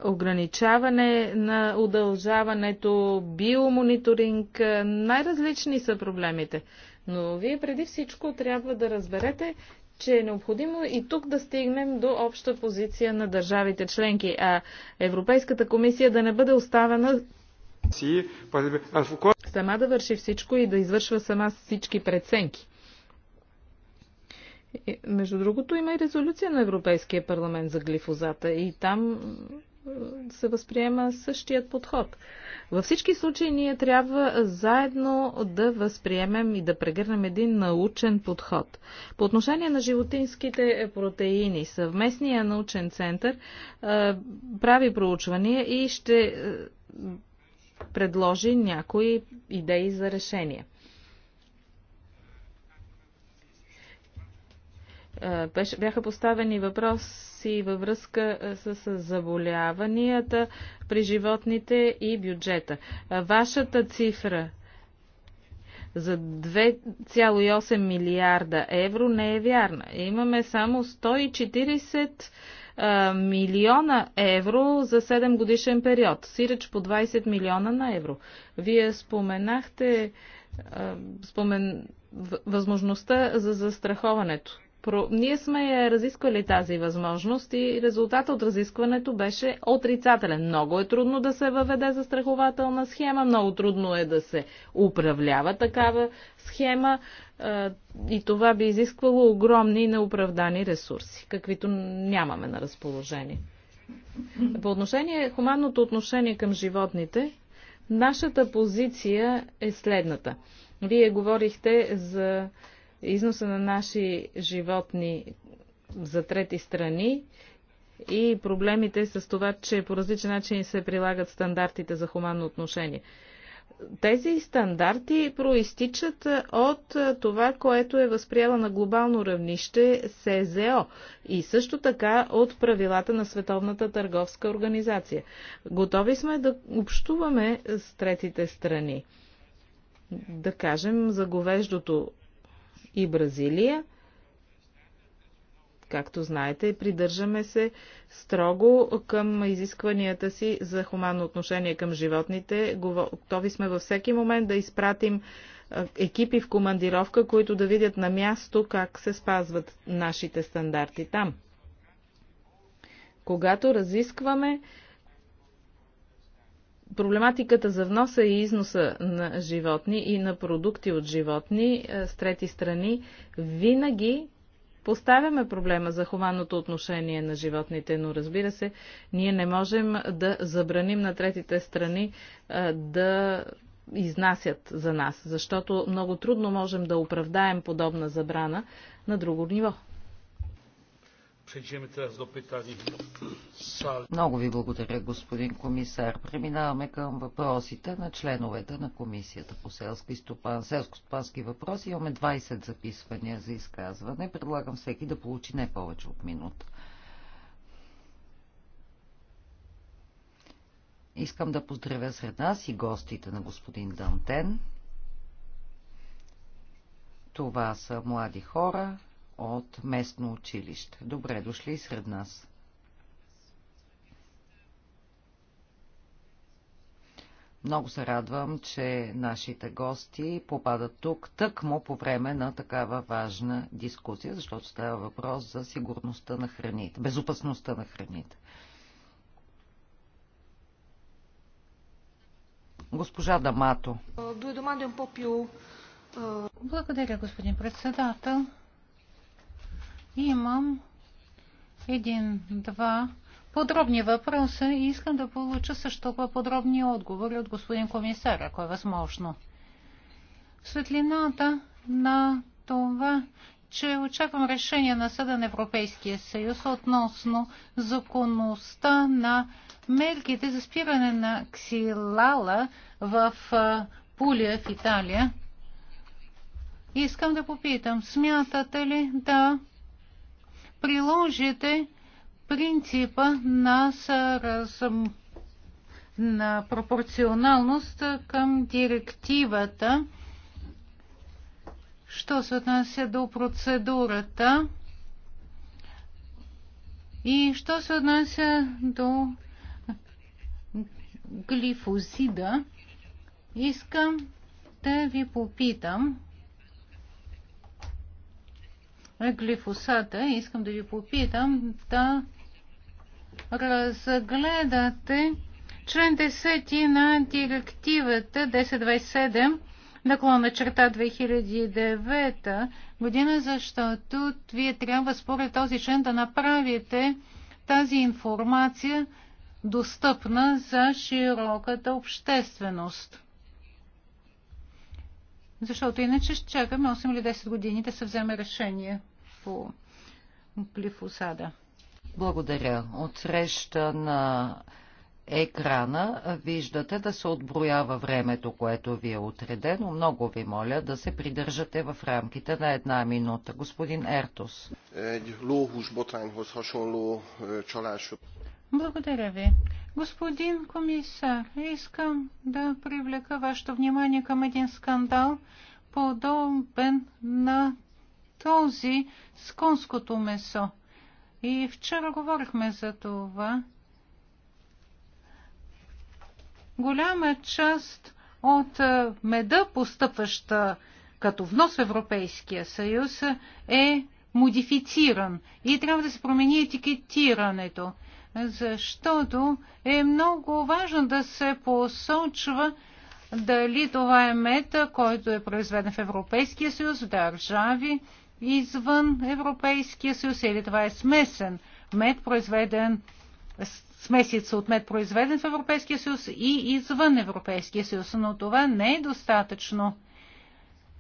ограничаване на удължаването, биомониторинг, най-различни са проблемите. Но вие преди всичко трябва да разберете, че е необходимо и тук да стигнем до обща позиция на държавите членки, а Европейската комисия да не бъде оставена сама да върши всичко и да извършва сама всички преценки. Между другото, има и резолюция на Европейския парламент за глифозата и там се възприема същият подход. Във всички случаи ние трябва заедно да възприемем и да прегърнем един научен подход. По отношение на животинските протеини, съвместния научен център е, прави проучвания и ще е, предложи някои идеи за решение. Е, бяха поставени въпроси във връзка е, с заболяванията при животните и бюджета. Е, вашата цифра за 2,8 милиарда евро не е вярна. Имаме само 140 милиона евро за 7 годишен период. Сиреч по 20 милиона на евро. Вие споменахте спомен... възможността за застраховането. Про... Ние сме разисквали тази възможност и резултата от разискването беше отрицателен. Много е трудно да се въведе застрахователна схема, много трудно е да се управлява такава схема и това би изисквало огромни и неоправдани ресурси, каквито нямаме на разположение. По отношение хуманното отношение към животните, нашата позиция е следната. Вие говорихте за износа на наши животни за трети страни и проблемите с това, че по различен начин се прилагат стандартите за хуманно отношение. Тези стандарти проистичат от това, което е възприела на глобално равнище СЗО и също така от правилата на Световната търговска организация. Готови сме да общуваме с третите страни. Да кажем за говеждото и Бразилия. Както знаете, придържаме се строго към изискванията си за хуманно отношение към животните. Готови сме във всеки момент да изпратим екипи в командировка, които да видят на място как се спазват нашите стандарти там. Когато разискваме Проблематиката за вноса и износа на животни и на продукти от животни е, с трети страни винаги поставяме проблема за хуманното отношение на животните, но разбира се, ние не можем да забраним на третите страни е, да изнасят за нас, защото много трудно можем да оправдаем подобна забрана на друго ниво.
Много ви благодаря, господин комисар. Преминаваме към въпросите на членовете на Комисията по селски стопан, селско-стопански въпроси. Имаме 20 записвания за изказване. Предлагам всеки да получи не повече от минута. Искам да поздравя сред нас и гостите на господин Дантен. Това са млади хора, от местно училище. Добре дошли сред нас. Много се радвам, че нашите гости попадат тук тъкмо по време на такава важна дискусия, защото става въпрос за сигурността на храните, безопасността на храните. Госпожа Дамато.
Благодаря, господин председател. Имам един-два подробни въпроса и искам да получа също по-подробни отговори от господин комисар, ако е възможно. Светлината на това, че очаквам решение на Съда на Европейския съюз относно законността на мерките за спиране на ксилала в Пулия в Италия. Искам да попитам, смятате ли да приложите принципа на, съразм... на пропорционалност към директивата, що се отнася до процедурата и що се отнася до глифозида, искам да ви попитам глифосата, искам да ви попитам да разгледате член 10 на директивата 1027 наклона черта 2009 година, защото вие трябва според този член да направите тази информация достъпна за широката общественост защото иначе ще чакаме 8 или 10 години да се вземе решение по глифосада.
Благодаря. От среща на екрана виждате да се отброява времето, което ви е отредено. Много ви моля да се придържате в рамките на една минута. Господин Ертос. Благодаря ви. Господин
комисар, искам да привлека вашето внимание към един скандал, подобен на този с конското месо. И вчера говорихме за това. Голяма част от меда, постъпваща като внос в Европейския съюз, е модифициран и трябва да се промени етикетирането – защото е много важно да се посочва дали това е мета, който е произведен в Европейския съюз, в държави извън Европейския съюз или това е смесен мед, произведен смесица от мед, произведен в Европейския съюз и извън Европейския съюз. Но това не е достатъчно.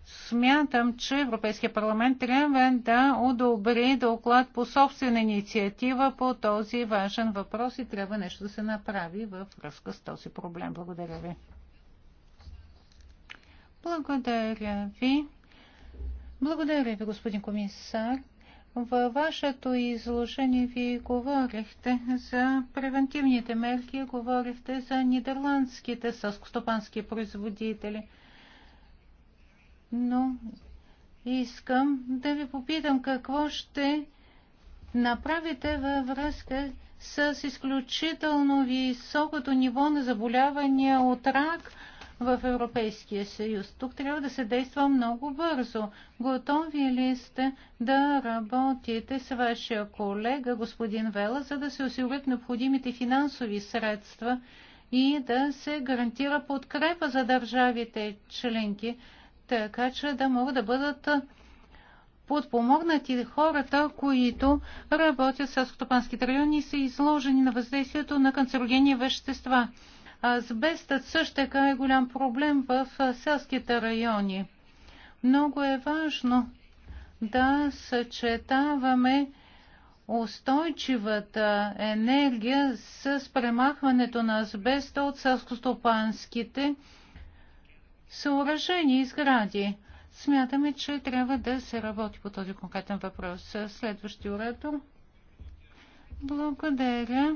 Смятам, че Европейския парламент трябва да одобри доклад по собствена инициатива по този важен въпрос и трябва нещо да се направи във връзка с този проблем. Благодаря ви. Благодаря ви. Благодаря ви, господин комисар. Във вашето изложение ви говорихте за превентивните мерки, говорихте за нидерландските съскостопански производители – но искам да ви попитам какво ще направите във връзка с изключително високото ниво на заболявания от рак в Европейския съюз. Тук трябва да се действа много бързо. Готови ли сте да работите с вашия колега, господин Вела, за да се осигурят необходимите финансови средства и да се гарантира подкрепа за държавите членки, така че да могат да бъдат подпомогнати хората, които работят с стопанските райони и са изложени на въздействието на канцерогени вещества. Азбестът също така е голям проблем в селските райони. Много е важно да съчетаваме устойчивата енергия с премахването на азбеста от селскостопанските стопанските съоръжение и сгради. Смятаме, че трябва да се работи по този конкретен въпрос. Следващи оратор. Благодаря,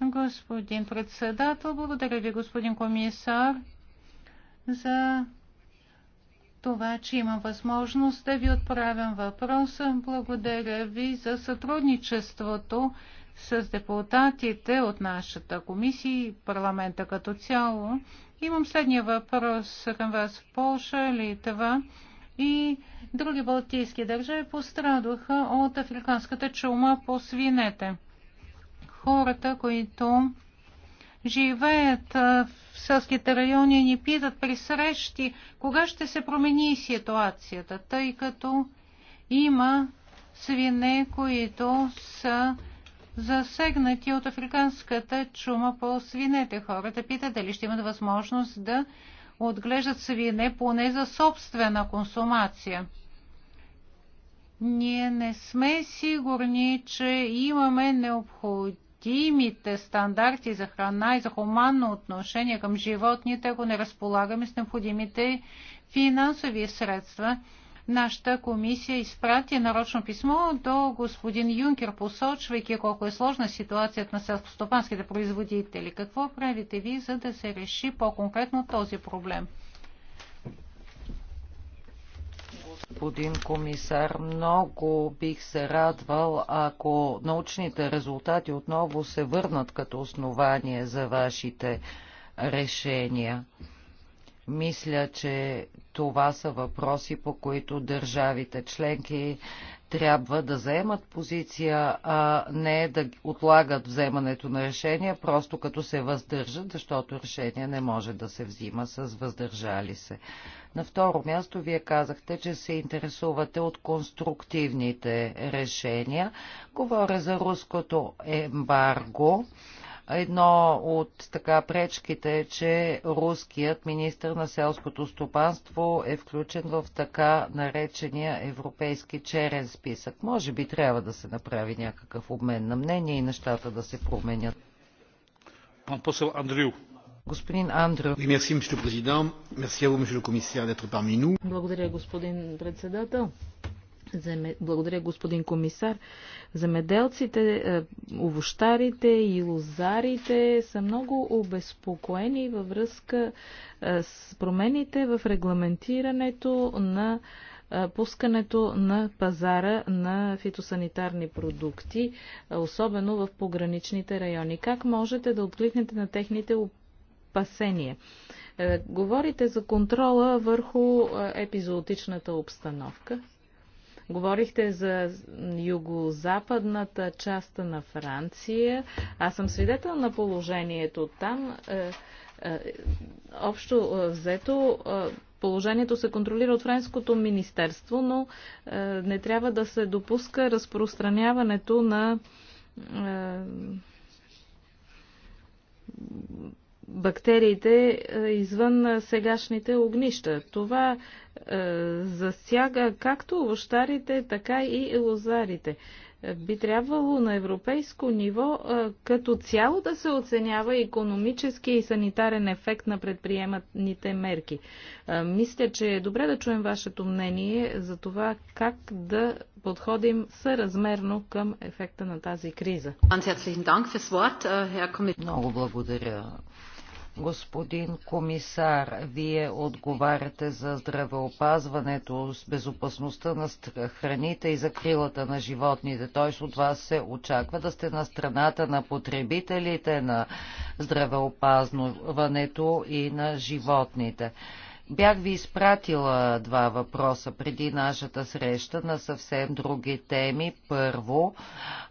господин председател. Благодаря ви, господин комисар, за това, че имам възможност да ви отправям въпроса. Благодаря ви за сътрудничеството с депутатите от нашата комисия и парламента като цяло. Имам следния въпрос към вас. Полша, Литва и други балтийски държави пострадоха от африканската чума по свинете. Хората, които живеят в селските райони, ни питат при срещи, кога ще се промени ситуацията, тъй като има свине, които са засегнати от африканската чума по свинете. Хората питат дали ще имат възможност да отглеждат свине поне за собствена консумация. Ние не сме сигурни, че имаме необходимите стандарти за храна и за хуманно отношение към животните, ако не разполагаме с необходимите финансови средства. Нашата комисия изпрати нарочно писмо до господин Юнкер, посочвайки колко е сложна ситуацията на селскостопанските производители. Какво правите ви, за да се реши по-конкретно този проблем?
господин комисар. Много бих се радвал, ако научните резултати отново се върнат като основание за вашите решения. Мисля, че това са въпроси, по които държавите членки трябва да заемат позиция, а не да отлагат вземането на решения, просто като се въздържат, защото решение не може да се взима с въздържали се. На второ място, вие казахте, че се интересувате от конструктивните решения. Говоря за руското ембарго. Едно от така пречките е, че руският министр на селското стопанство е включен в така наречения европейски черен списък. Може би трябва да се направи някакъв обмен на мнение и нещата да се променят. Пан Андрю. Господин Андрю.
Благодаря, господин председател. Благодаря, господин комисар. Замеделците, е, овощарите и лозарите са много обезпокоени във връзка е, с промените в регламентирането на е, пускането на пазара на фитосанитарни продукти, особено в пограничните райони. Как можете да откликнете на техните опасения? Говорите за контрола върху епизоотичната обстановка. Говорихте за югозападната част на Франция. Аз съм свидетел на положението там. Е, е, общо е, взето положението се контролира от Френското министерство, но не трябва да се допуска разпространяването на бактериите е, извън сегашните огнища. Това е, засяга както овощарите, така и лозарите. Е, би трябвало на европейско ниво като цяло да се оценява економически и санитарен ефект на предприеманите мерки. Мисля, че е добре да чуем вашето мнение за това как да подходим съразмерно към ефекта на тази криза. Äh, Много
благодаря, Господин комисар, вие отговаряте за здравеопазването, с безопасността на храните и закрилата на животните. Т.е. от вас се очаква да сте на страната на потребителите на здравеопазването и на животните. Бях ви изпратила два въпроса преди нашата среща на съвсем други теми. Първо,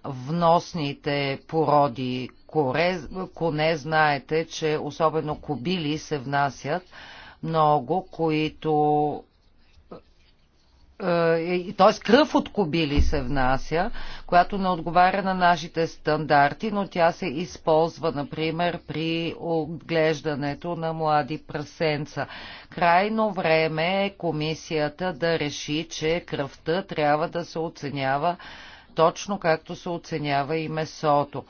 вносните породи коре, коне знаете, че особено кобили се внасят много, които е, е, т.е. кръв от кобили се внася, която не отговаря на нашите стандарти, но тя се използва, например, при отглеждането на млади прасенца. Крайно време е комисията да реши, че кръвта трябва да се оценява точно както се оценява и месото.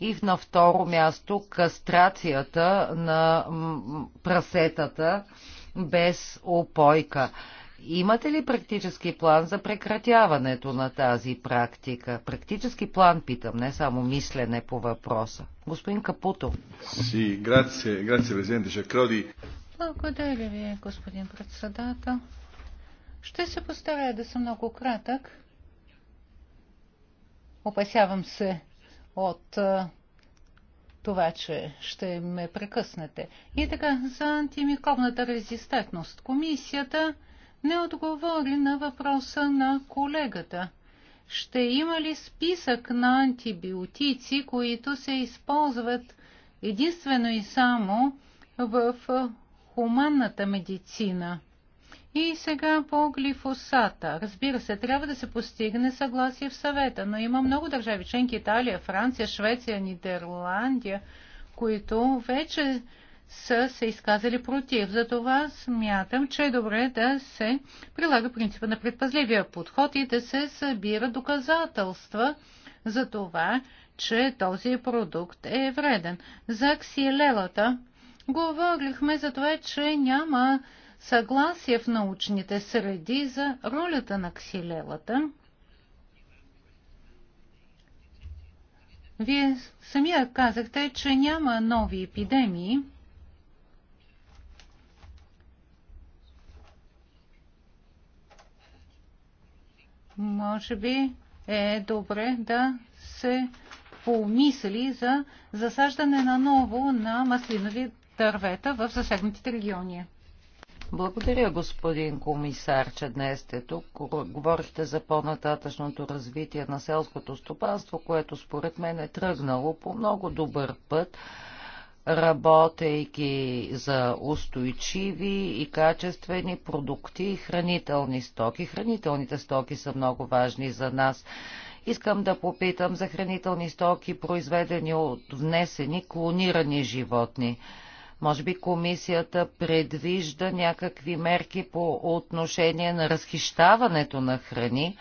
И на второ място кастрацията на прасетата без опойка. Имате ли практически план за прекратяването на тази практика? Практически план питам, не само мислене по въпроса. Господин Капуто.
Си, грация, грация, президенте Шакроди.
Благодаря ви, господин председател. Ще се постарая да съм много кратък. Опасявам се от това, че ще ме прекъснете. И така, за антимикробната резистентност. Комисията не отговори на въпроса на колегата. Ще има ли списък на антибиотици, които се използват единствено и само в хуманната медицина? И сега по глифосата. Разбира се, трябва да се постигне съгласие в съвета, но има много държави, членки Италия, Франция, Швеция, Нидерландия, които вече са се изказали против. Затова смятам, че е добре да се прилага принципа на предпазливия подход и да се събира доказателства за това, че този продукт е вреден. За ксилелата говорихме за това, че няма съгласие в научните среди за ролята на ксилелата. Вие самия казахте, че няма нови епидемии. Може би е добре да се помисли за засаждане на ново на маслинови дървета в засегнатите региони.
Благодаря, господин комисар, че днес сте тук. Говорихте за по-нататъчното развитие на селското стопанство, което според мен е тръгнало по много добър път работейки за устойчиви и качествени продукти и хранителни стоки. Хранителните стоки са много важни за нас. Искам да попитам за хранителни стоки, произведени от внесени клонирани животни. Може би комисията предвижда някакви мерки по отношение на разхищаването на храни.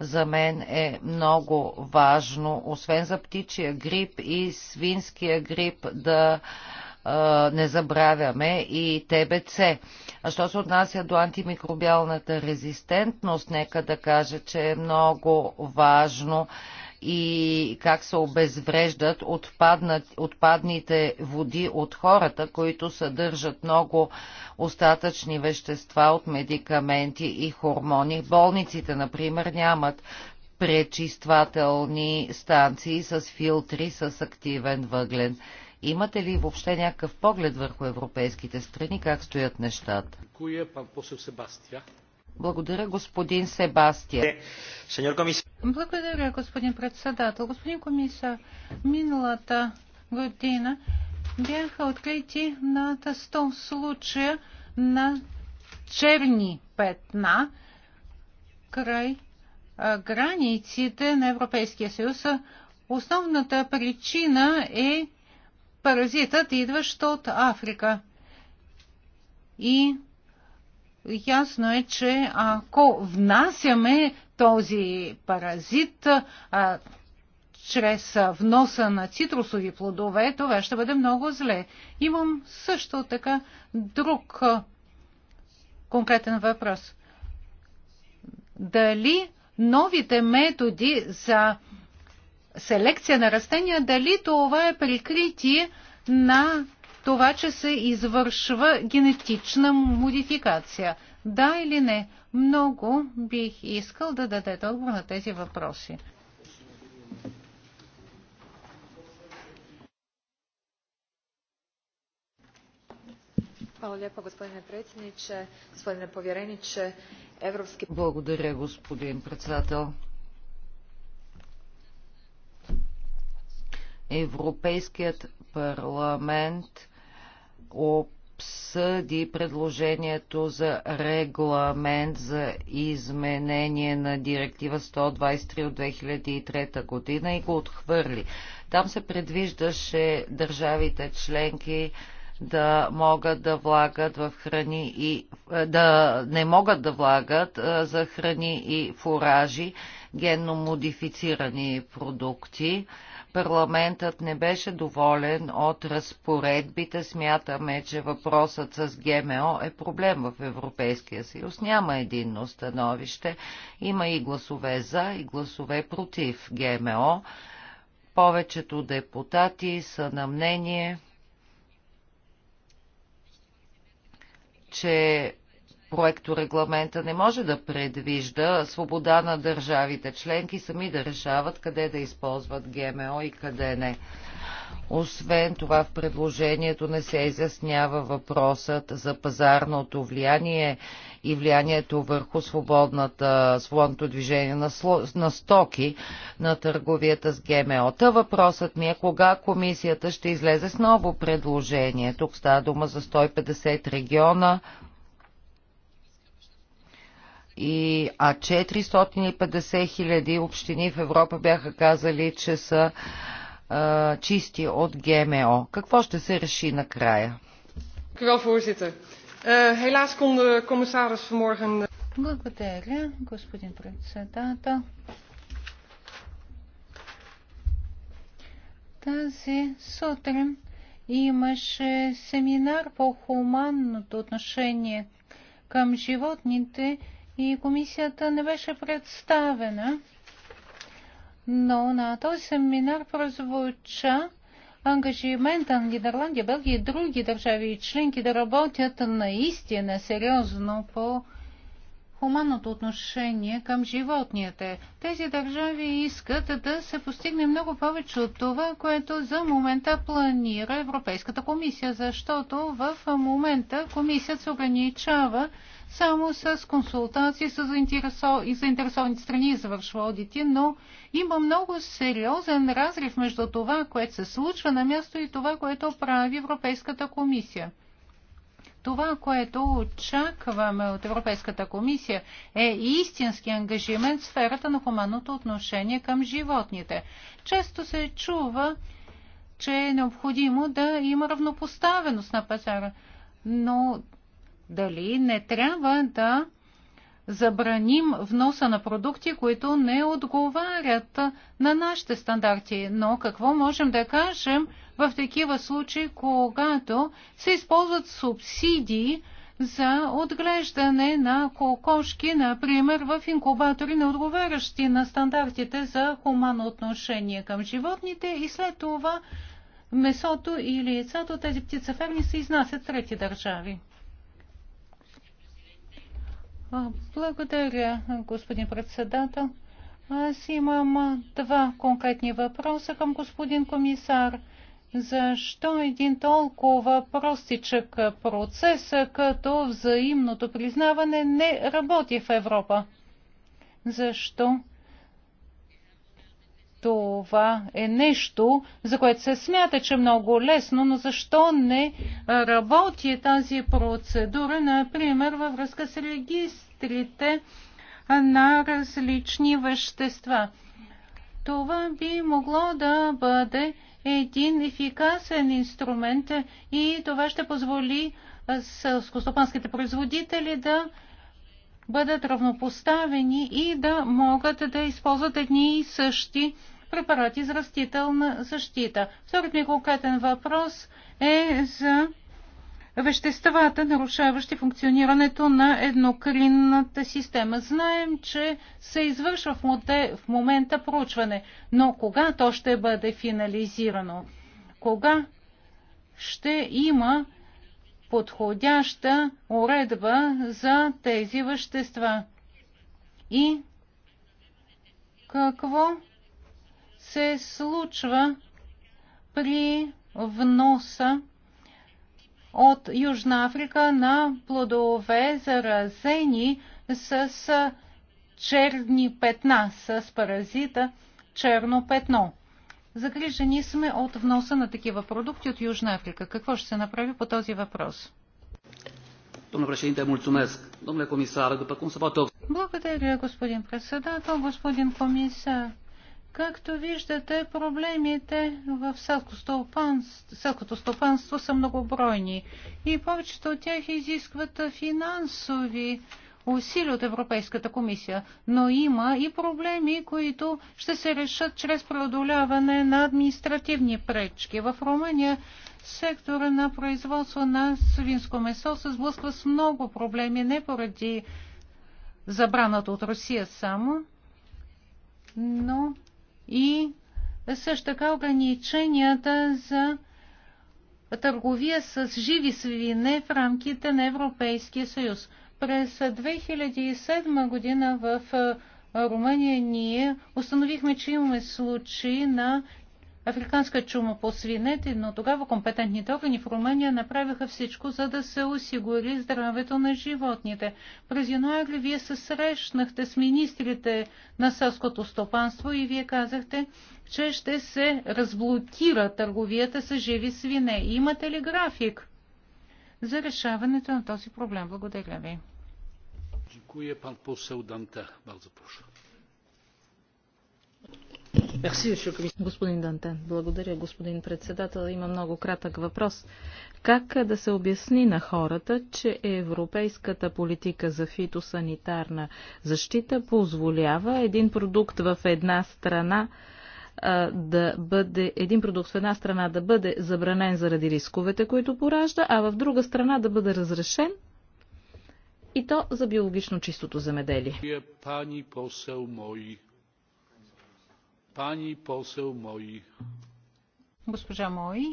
За мен е много важно, освен за птичия грип и свинския грип, да не забравяме и ТБЦ. А що се отнася до антимикробиалната резистентност, нека да кажа, че е много важно и как се обезвреждат отпаднат, отпадните води от хората, които съдържат много остатъчни вещества от медикаменти и хормони. Болниците, например, нямат пречиствателни станции с филтри с активен въглен. Имате ли въобще някакъв поглед върху европейските страни, как стоят нещата?
Себастия?
Благодаря, господин Себастия.
Благодаря, господин председател. Господин комисар, миналата година бяха открити над 100 случая на черни петна край границите на Европейския съюз. Основната причина е паразитът, идващ от Африка. И ясно е, че ако внасяме този паразит а, чрез вноса на цитрусови плодове, това ще бъде много зле. Имам също така друг конкретен въпрос. Дали новите методи за селекция на растения, дали това е прикритие на това, че се извършва генетична модификация. Да или не? Много бих искал да дадете отговор на тези въпроси.
gospodine predsjednie gospodine
Благодаря, господин председател. Европейският парламент обсъди предложението за регламент за изменение на директива 123 от 2003 година и го отхвърли. Там се предвиждаше държавите членки да могат да влагат в храни и е, да не могат да влагат е, за храни и фуражи генно модифицирани продукти. Парламентът не беше доволен от разпоредбите. Смятаме, че въпросът с ГМО е проблем в Европейския съюз. Няма единно становище. Има и гласове за, и гласове против ГМО. Повечето депутати са на мнение, че регламента не може да предвижда свобода на държавите членки сами да решават къде да използват ГМО и къде не. Освен това в предложението не се изяснява въпросът за пазарното влияние и влиянието върху свободната, свободното движение на, на стоки на търговията с ГМО. Та въпросът ми е кога комисията ще излезе с ново предложение. Тук става дума за 150 региона, и, а 450 хиляди общини в Европа бяха казали, че са а, чисти от ГМО. Какво ще се реши накрая?
Eh, eh,
Благодаря, господин председател. Тази сутрин имаше семинар по хуманното отношение към животните и комисията не беше представена но на този семинар прозвуча ангажимента на Нидерландия, Белгия и други държави и членки да работят наистина сериозно по хуманното отношение към животните. Тези държави искат да се постигне много повече от това, което за момента планира Европейската комисия, защото в момента комисията се ограничава само с консултации с заинтересов... и заинтересованите страни завършва одити, но има много сериозен разрив между това, което се случва на място и това, което прави Европейската комисия. Това, което очакваме от Европейската комисия е истински ангажимент в сферата на хуманното отношение към животните. Често се чува, че е необходимо да има равнопоставеност на пазара, но дали не трябва да забраним вноса на продукти, които не отговарят на нашите стандарти. Но какво можем да кажем в такива случаи, когато се използват субсидии за отглеждане на кокошки, например, в инкубатори, не отговарящи на стандартите за хуманно отношение към животните и след това месото или яйцата от тези птицеферми се изнасят трети държави. Благодаря, господин председател. Аз имам два конкретни въпроса към господин комисар. Защо един толкова простичък процес, като взаимното признаване, не работи в Европа? Защо това е нещо, за което се смята, че е много лесно, но защо не работи тази процедура, например, във връзка с регистрите на различни вещества. Това би могло да бъде един ефикасен инструмент и това ще позволи селскостопанските производители да бъдат равнопоставени и да могат да използват едни и същи препарати за растителна защита. Вторият ми конкретен въпрос е за веществата, нарушаващи функционирането на еднокринната система. Знаем, че се извършва в момента проучване, но кога то ще бъде финализирано? Кога ще има подходяща уредба за тези вещества. И какво се случва при вноса от Южна Африка на плодове заразени с черни петна, с паразита черно петно. Загрижени сме от вноса на такива продукти от Южна Африка. Какво ще се направи по този въпрос? Благодаря, господин председател, господин комисар. Както виждате, проблемите в селското стопанство са многобройни и повечето от тях изискват финансови усилия от Европейската комисия, но има и проблеми, които ще се решат чрез преодоляване на административни пречки. В Румъния сектора на производство на свинско месо се сблъсква с много проблеми, не поради забраната от Русия само, но и също така ограниченията за търговия с живи свине в рамките на Европейския съюз. През 2007 година в Румъния ние установихме, че имаме случаи на африканска чума по свинете, но тогава компетентните органи в Румъния направиха всичко, за да се осигури здравето на животните. През януари вие се срещнахте с министрите на селското стопанство и вие казахте, че ще се разблокира търговията с живи свине. Имате ли график? за решаването на този проблем. Благодаря ви.
Господин Данте, благодаря, господин председател. Има много кратък въпрос. Как да се обясни на хората, че европейската политика за фитосанитарна защита позволява един продукт в една страна да бъде един продукт в една страна да бъде забранен заради рисковете, които поражда, а в друга страна да бъде разрешен и то за биологично чистото земеделие.
Е, пани посел мои. Пани посел мои.
Госпожа Мои.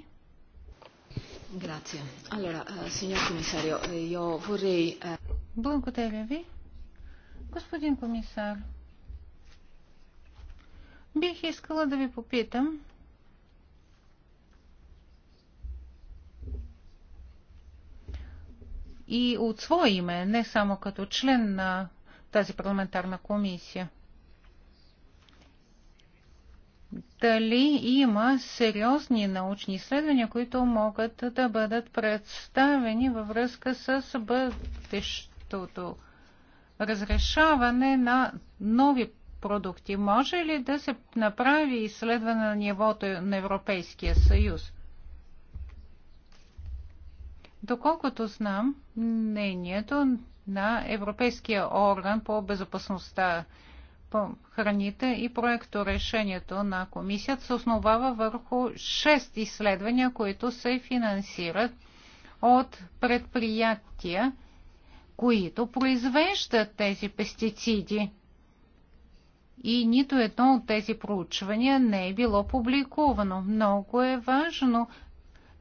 Грация.
Алора, сеньор комисарио, я е, vorrei...
Благодаря ви. Господин комисар, Бих искала да ви попитам и от свое име, не само като член на тази парламентарна комисия. Дали има сериозни научни изследвания, които могат да бъдат представени във връзка с бъдещото разрешаване на нови продукти. Може ли да се направи изследване на нивото на Европейския съюз? Доколкото знам, мнението на Европейския орган по безопасността по храните и проекто решението на комисията се основава върху 6 изследвания, които се финансират от предприятия, които произвеждат тези пестициди и нито едно от тези проучвания не е било публикувано. Много е важно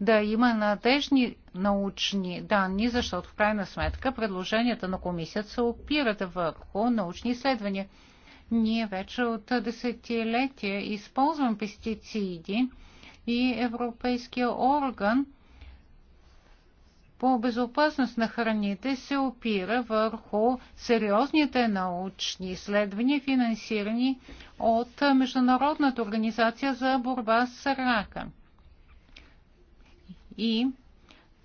да има надежни научни данни, защото в крайна сметка предложенията на комисията се опират върху научни изследвания. Ние вече от десетилетия използвам пестициди и Европейския орган – по безопасност на храните се опира върху сериозните научни изследвания, финансирани от Международната организация за борба с рака. И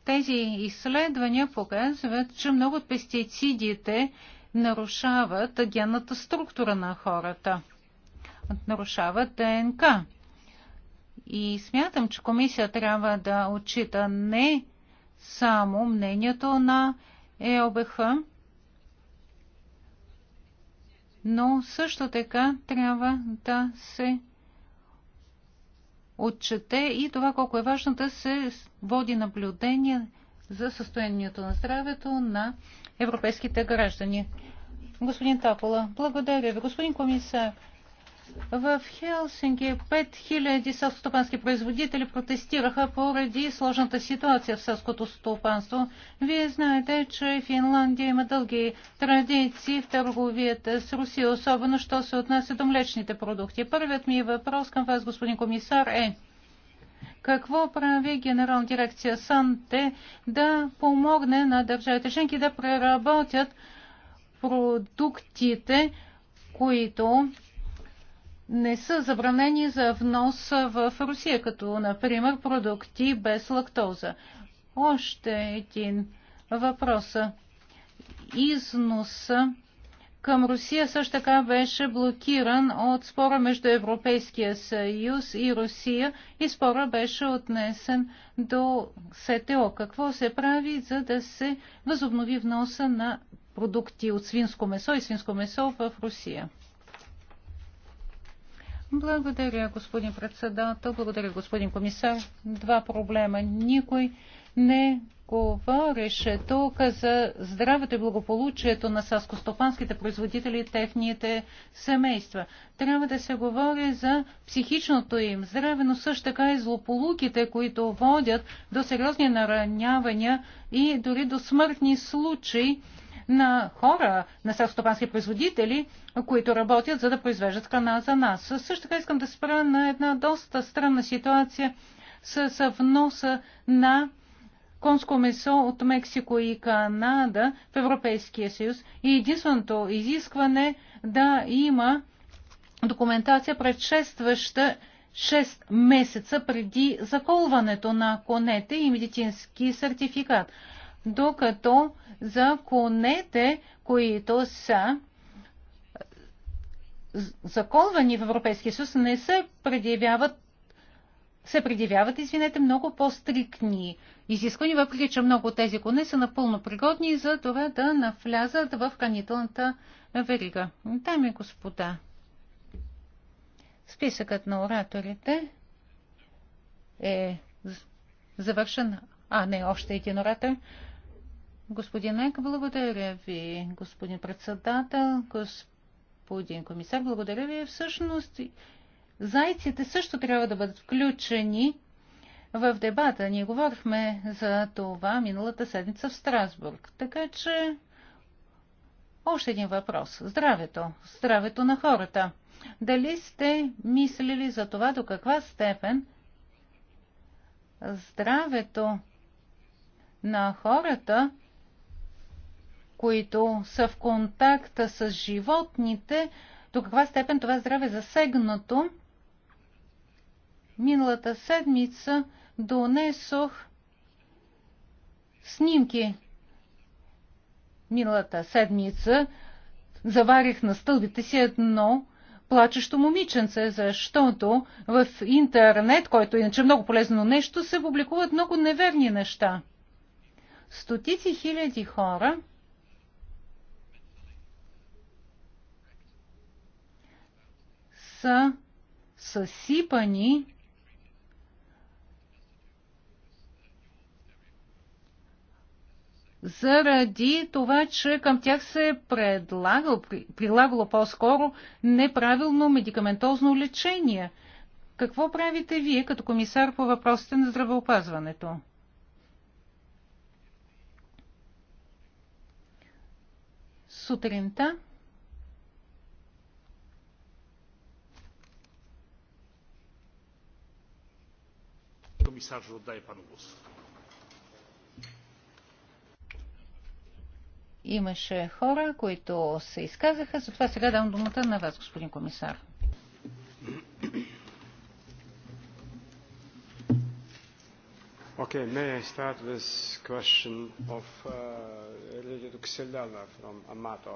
тези изследвания показват, че много от пестицидите нарушават генната структура на хората, нарушават ДНК. И смятам, че комисия трябва да отчита не само мнението на ЕОБХ, но също така трябва да се отчете и това колко е важно да се води наблюдение за състоянието на здравето на европейските граждани. Господин Тапола, благодаря ви. Господин комисар, в Хелсинки 5000 селскостопански производители протестираха поради сложната ситуация в селското стопанство. Вие знаете, че Финландия има дълги традиции в търговията с Русия, особено що се отнася до млечните продукти. Първият ми въпрос към вас, господин комисар, е какво прави генерална дирекция Санте да помогне на държавите членки да преработят продуктите, които не са забранени за внос в Русия, като, например, продукти без лактоза. Още един въпрос. Износ към Русия също така беше блокиран от спора между Европейския съюз и Русия и спора беше отнесен до СТО. Какво се прави, за да се възобнови вноса на продукти от свинско месо и свинско месо в Русия? Благодаря, господин председател. Благодаря, господин комисар. Два проблема. Никой не говореше тук за здравето и благополучието на саскостопанските производители и техните семейства. Трябва да се говори за психичното им здраве, но също така и злополуките, които водят до сериозни наранявания и дори до смъртни случаи на хора, на селскостопански производители, които работят за да произвеждат храна за нас. Също така искам да спра на една доста странна ситуация с вноса на конско месо от Мексико и Канада в Европейския съюз и единственото изискване да има документация предшестваща 6 месеца преди заколването на конете и медицински сертификат. Докато за конете, които са заколвани в Европейския съюз, не се предявяват се предявяват, извинете, много по-стрикни изисквания, въпреки че много от тези коне са напълно пригодни за това да навлязат в хранителната верига. Дами и господа, списъкът на ораторите е завършен. А, не, още един оратор. Господин Ек, благодаря ви, господин председател, господин комисар, благодаря ви. Всъщност, зайците също трябва да бъдат включени в дебата. Ние говорихме за това миналата седмица в Страсбург. Така че, още един въпрос. Здравето. Здравето на хората. Дали сте мислили за това до каква степен здравето на хората които са в контакта с животните, до каква степен това здраве е засегнато. Миналата седмица донесох снимки. Миналата седмица заварих на стълбите си едно плачещо момиченце, защото в интернет, който е иначе е много полезно нещо, се публикуват много неверни неща. Стотици хиляди хора – са съсипани заради това, че към тях се е прилагало по-скоро неправилно медикаментозно лечение. Какво правите вие като комисар по въпросите на здравеопазването? Сутринта
komisarzu oddaję panu głos.
Имаше хора, които се изказаха, затова сега дам думата на вас, господин комисар.
Okay, may I start with question of uh, Xildana from Amato?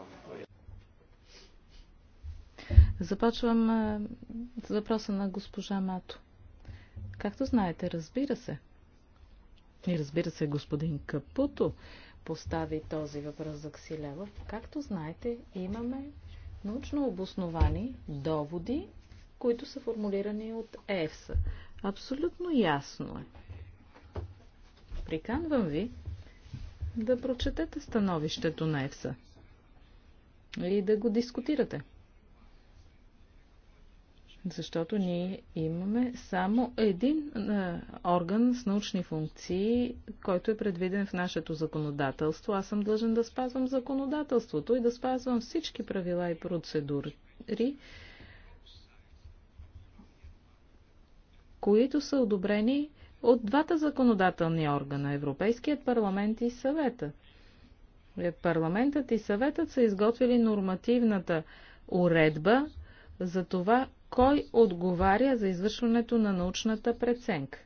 Започвам uh, с въпроса на госпожа Мато. Както знаете, разбира се. И разбира се, господин Капуто постави този въпрос за Ксилева. Както знаете, имаме научно обосновани доводи, които са формулирани от ЕФСА. Абсолютно ясно е. Приканвам ви да прочетете становището на ЕФСА и да го дискутирате. Защото ние имаме само един е, орган с научни функции, който е предвиден в нашето законодателство. Аз съм длъжен да спазвам законодателството и да спазвам всички правила и процедури, които са одобрени от двата законодателни органа Европейският парламент и съвета. Е, парламентът и съветът са изготвили нормативната уредба за това кой отговаря за извършването на научната преценка?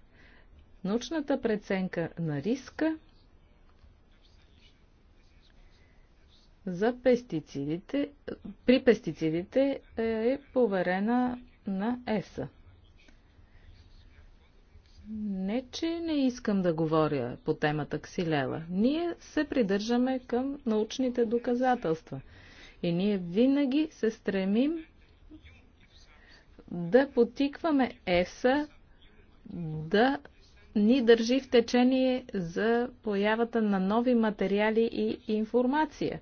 Научната преценка на риска за пестицидите, при пестицидите е, е поверена на ЕСА. Не, че не искам да говоря по темата ксилела. Ние се придържаме към научните доказателства. И ние винаги се стремим да потикваме ЕСА да ни държи в течение за появата на нови материали и информация.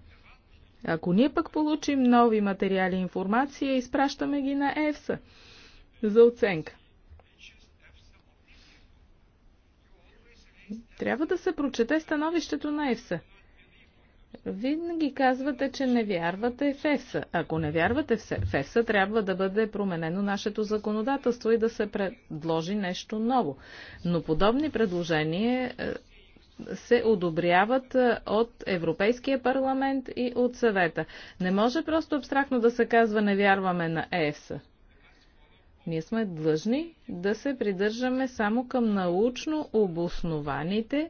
Ако ние пък получим нови материали и информация, изпращаме ги на ЕФСА за оценка. Трябва да се прочете становището на ЕФСА. Винаги казвате, че не вярвате в ЕФСА. Ако не вярвате в ЕФСА, трябва да бъде променено нашето законодателство и да се предложи нещо ново. Но подобни предложения е, се одобряват е, от Европейския парламент и от съвета. Не може просто абстрактно да се казва не вярваме на ЕСА. Ние сме длъжни да се придържаме само към научно обоснованите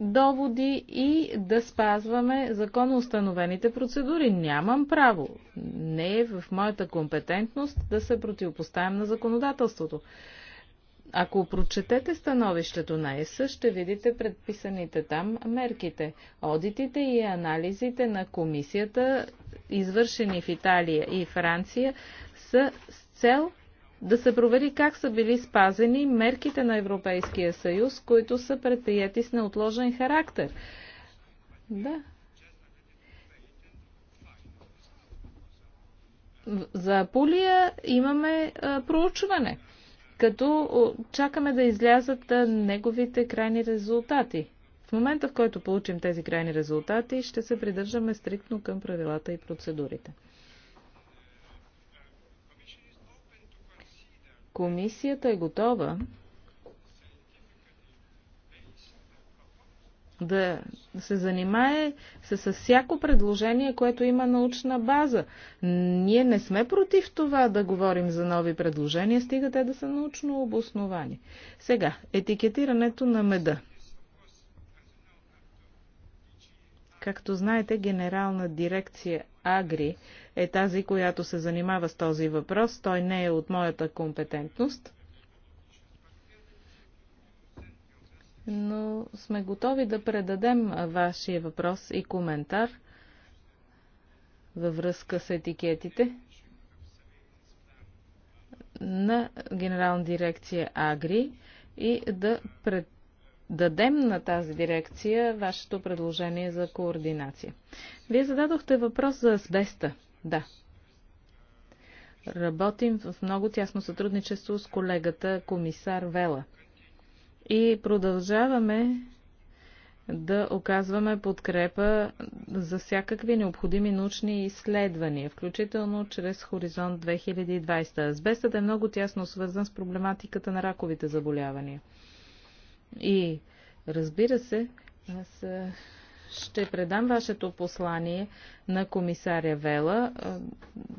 доводи и да спазваме законно установените процедури. Нямам право. Не е в моята компетентност да се противопоставям на законодателството. Ако прочетете становището на ЕС, ще видите предписаните там мерките. Одитите и анализите на комисията, извършени в Италия и Франция, са с цел да се провери как са били спазени мерките на Европейския съюз, които са предприяти с неотложен характер. Да. За Пулия имаме а, проучване, като чакаме да излязат а, неговите крайни резултати. В момента, в който получим тези крайни резултати, ще се придържаме стриктно към правилата и процедурите. Комисията е готова да се занимае с, с всяко предложение, което има научна база. Ние не сме против това да говорим за нови предложения, стига те да са научно обосновани. Сега, етикетирането на меда. Както знаете, генерална дирекция Агри е тази, която се занимава с този въпрос. Той не е от моята компетентност. Но сме готови да предадем вашия въпрос и коментар във връзка с етикетите на Генерална дирекция Агри и да пред дадем на тази дирекция вашето предложение за координация. Вие зададохте въпрос за асбеста. Да. Работим в много тясно сътрудничество с колегата комисар Вела. И продължаваме да оказваме подкрепа за всякакви необходими научни изследвания, включително чрез Хоризонт 2020. Азбестът е много тясно свързан с проблематиката на раковите заболявания. И разбира се, аз ще предам вашето послание на комисаря Вела.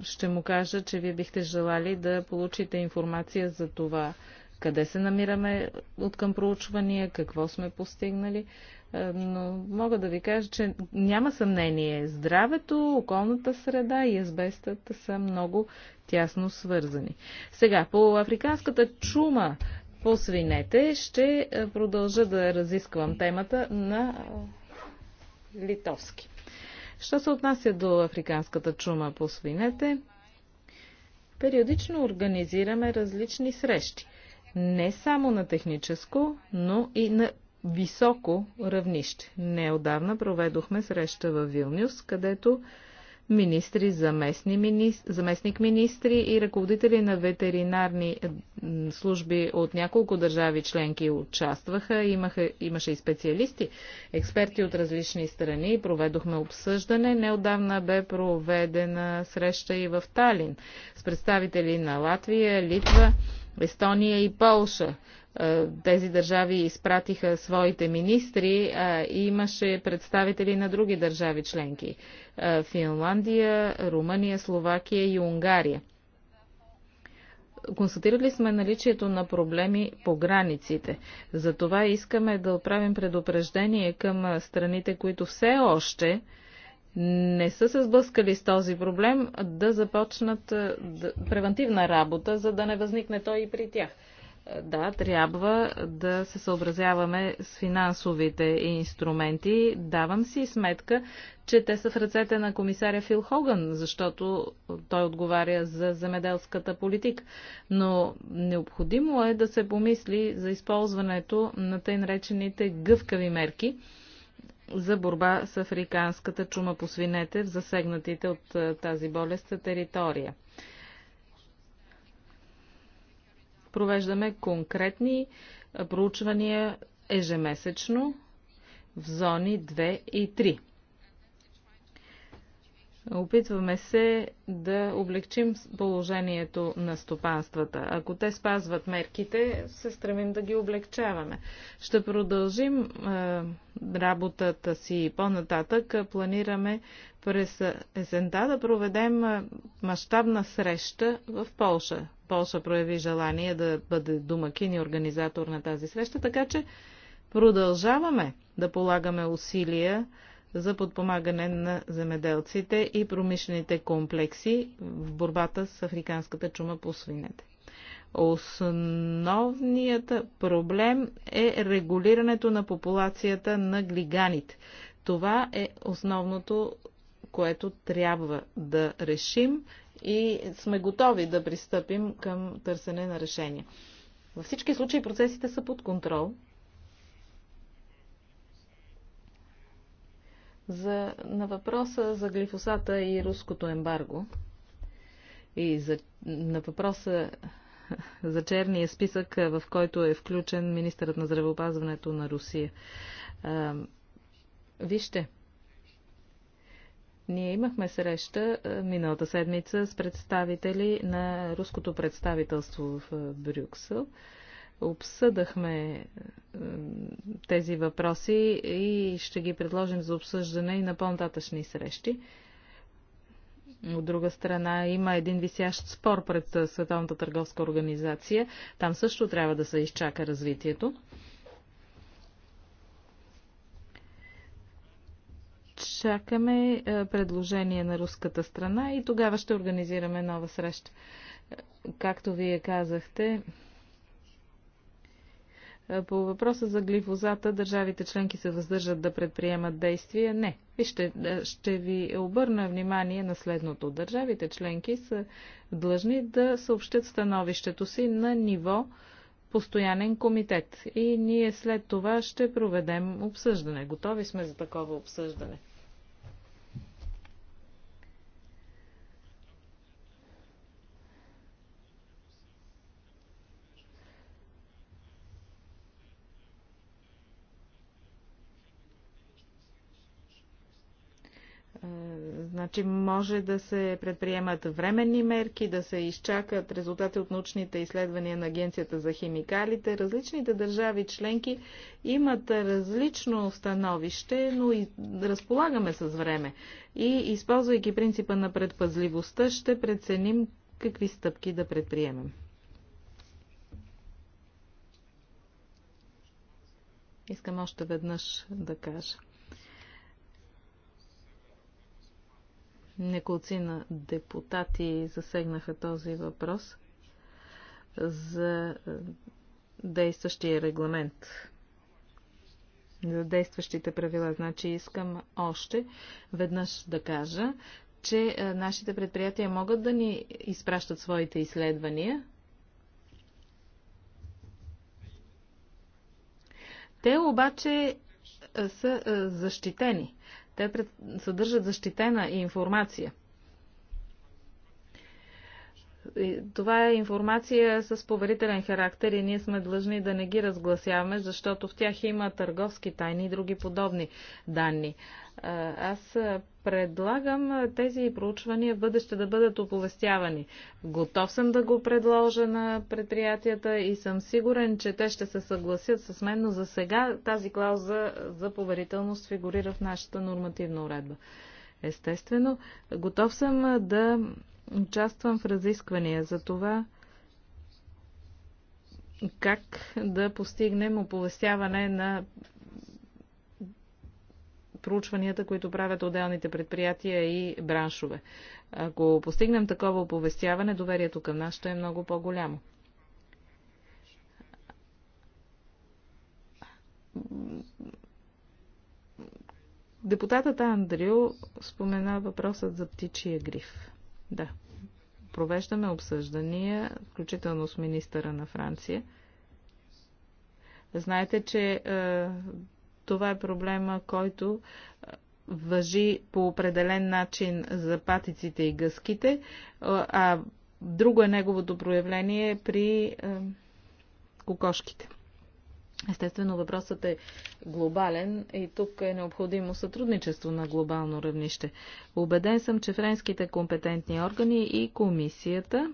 Ще му кажа, че вие бихте желали да получите информация за това, къде се намираме от към проучвания, какво сме постигнали. Но мога да ви кажа, че няма съмнение. Здравето, околната среда и азбестът са много тясно свързани. Сега, по африканската чума по свинете. Ще продължа да разисквам темата на литовски. Що се отнася до африканската чума по свинете, периодично организираме различни срещи. Не само на техническо, но и на високо равнище. Неодавна проведохме среща в Вилнюс, където министри, заместник-министри и ръководители на ветеринарни е, служби от няколко държави членки участваха. Имаха, имаше и специалисти, експерти от различни страни. Проведохме обсъждане. Неодавна бе проведена среща и в Талин с представители на Латвия, Литва, Естония и Полша. Е, тези държави изпратиха своите министри, а имаше представители на други държави членки е, Финландия, Румъния, Словакия и Унгария. Констатирали сме наличието на проблеми по границите. Затова искаме да отправим предупреждение към страните, които все още не са се сблъскали с този проблем, да започнат превентивна работа, за да не възникне той и при тях. Да, трябва да се съобразяваме с финансовите инструменти. Давам си сметка, че те са в ръцете на комисаря Фил Хоган, защото той отговаря за земеделската политика. Но необходимо е да се помисли за използването на тъй наречените гъвкави мерки за борба с африканската чума по свинете в засегнатите от тази болест територия провеждаме конкретни проучвания ежемесечно в зони 2 и 3. Опитваме се да облегчим положението на стопанствата. Ако те спазват мерките, се стремим да ги облегчаваме. Ще продължим е, работата си по-нататък. Планираме през есента да проведем е, мащабна среща в Полша. Полша прояви желание да бъде домакин и организатор на тази среща, така че продължаваме да полагаме усилия за подпомагане на земеделците и промишлените комплекси в борбата с африканската чума по свинете. Основният проблем е регулирането на популацията на глиганите. Това е основното, което трябва да решим и сме готови да пристъпим към търсене на решение. Във всички случаи процесите са под контрол За, на въпроса за глифосата и руското ембарго и за, на въпроса за черния списък, в който е включен министърът на здравеопазването на Русия. А, вижте, ние имахме среща миналата седмица с представители на руското представителство в Брюксел. А, обсъдахме е, тези въпроси и ще ги предложим за обсъждане и на по-нататъчни срещи. От друга страна има един висящ спор пред е, Световната търговска организация. Там също трябва да се изчака развитието. Чакаме е, предложение на руската страна и тогава ще организираме нова среща. Както вие казахте, е, по въпроса за глифозата, държавите членки се въздържат да предприемат действия? Не. Вижте, е, ще ви обърна внимание на следното. Държавите членки са длъжни да съобщат становището си на ниво постоянен комитет. И ние след това ще проведем обсъждане. Готови сме за такова обсъждане. Че може да се предприемат временни мерки, да се изчакат резултати от научните изследвания на Агенцията за химикалите. Различните държави членки имат различно становище, но и разполагаме с време. И използвайки принципа на предпазливостта, ще преценим какви стъпки да предприемем. Искам още веднъж да кажа. на депутати засегнаха този въпрос за е, действащия регламент, за действащите правила. Значи искам още веднъж да кажа, че е, нашите предприятия могат да ни изпращат своите изследвания. Те обаче е, са защитени. Те съдържат защитена информация. Това е информация с поверителен характер и ние сме длъжни да не ги разгласяваме, защото в тях има търговски тайни и други подобни данни. Аз предлагам тези проучвания в бъдеще да бъдат оповестявани. Готов съм да го предложа на предприятията и съм сигурен, че те ще се съгласят с мен, но за сега тази клауза за поверителност фигурира в нашата нормативна уредба. Естествено, готов съм да участвам в разисквания за това как да постигнем оповестяване на проучванията, които правят отделните предприятия и браншове. Ако постигнем такова оповестяване, доверието към нас ще е много по-голямо. Депутатът Андрю спомена въпросът за птичия гриф. Да провеждаме обсъждания, включително с министъра на Франция. Знаете, че е, това е проблема, който е, въжи по определен начин за патиците и гъските, е, а друго е неговото проявление при е, кокошките. Естествено, въпросът е глобален и тук е необходимо сътрудничество на глобално равнище. Обеден съм, че френските компетентни органи и комисията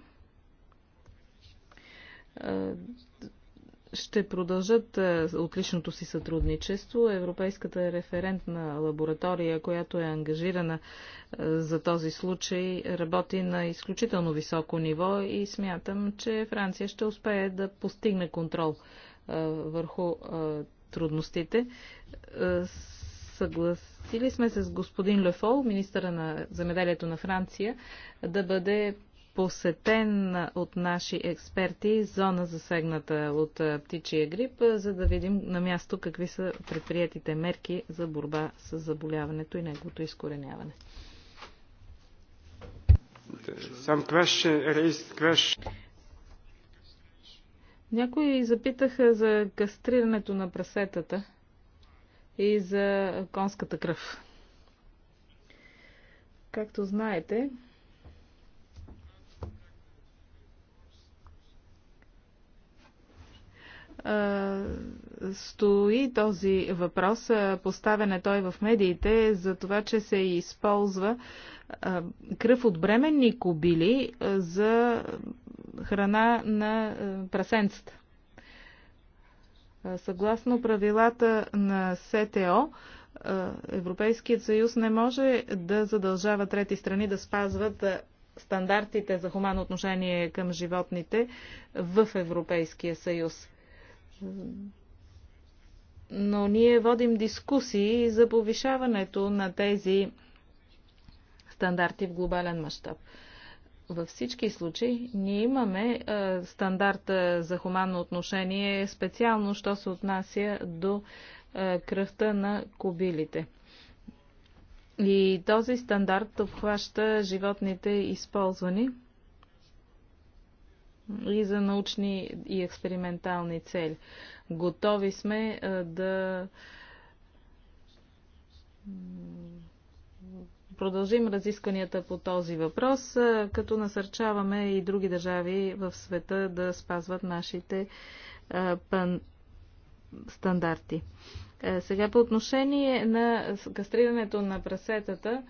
ще продължат отличното си сътрудничество. Европейската референтна лаборатория, която е ангажирана за този случай, работи на изключително високо ниво и смятам, че Франция ще успее да постигне контрол върху трудностите. Съгласили сме се с господин Лефол, министъра на замеделието на Франция, да бъде посетен от наши експерти зона засегната от птичия грип, за да видим на място какви са предприятите мерки за борба с заболяването и неговото изкореняване.
Question, question.
Някои запитаха за кастрирането на прасетата и за конската кръв. Както знаете, стои този въпрос. Поставен е той в медиите за това, че се използва кръв от бременни кобили за храна на прасенцата. Съгласно правилата на СТО, Европейският съюз не може да задължава трети страни да спазват стандартите за хуманно отношение към животните в Европейския съюз но ние водим дискусии за повишаването на тези стандарти в глобален мащаб. Във всички случаи ние имаме е, стандарта за хуманно отношение, специално, що се отнася до е, кръвта на кобилите. И този стандарт обхваща животните, използвани и за научни и експериментални цели. Готови сме да продължим разискванията по този въпрос, като насърчаваме и други държави в света да спазват нашите пан... стандарти. Е, сега по отношение на кастрирането на прасетата,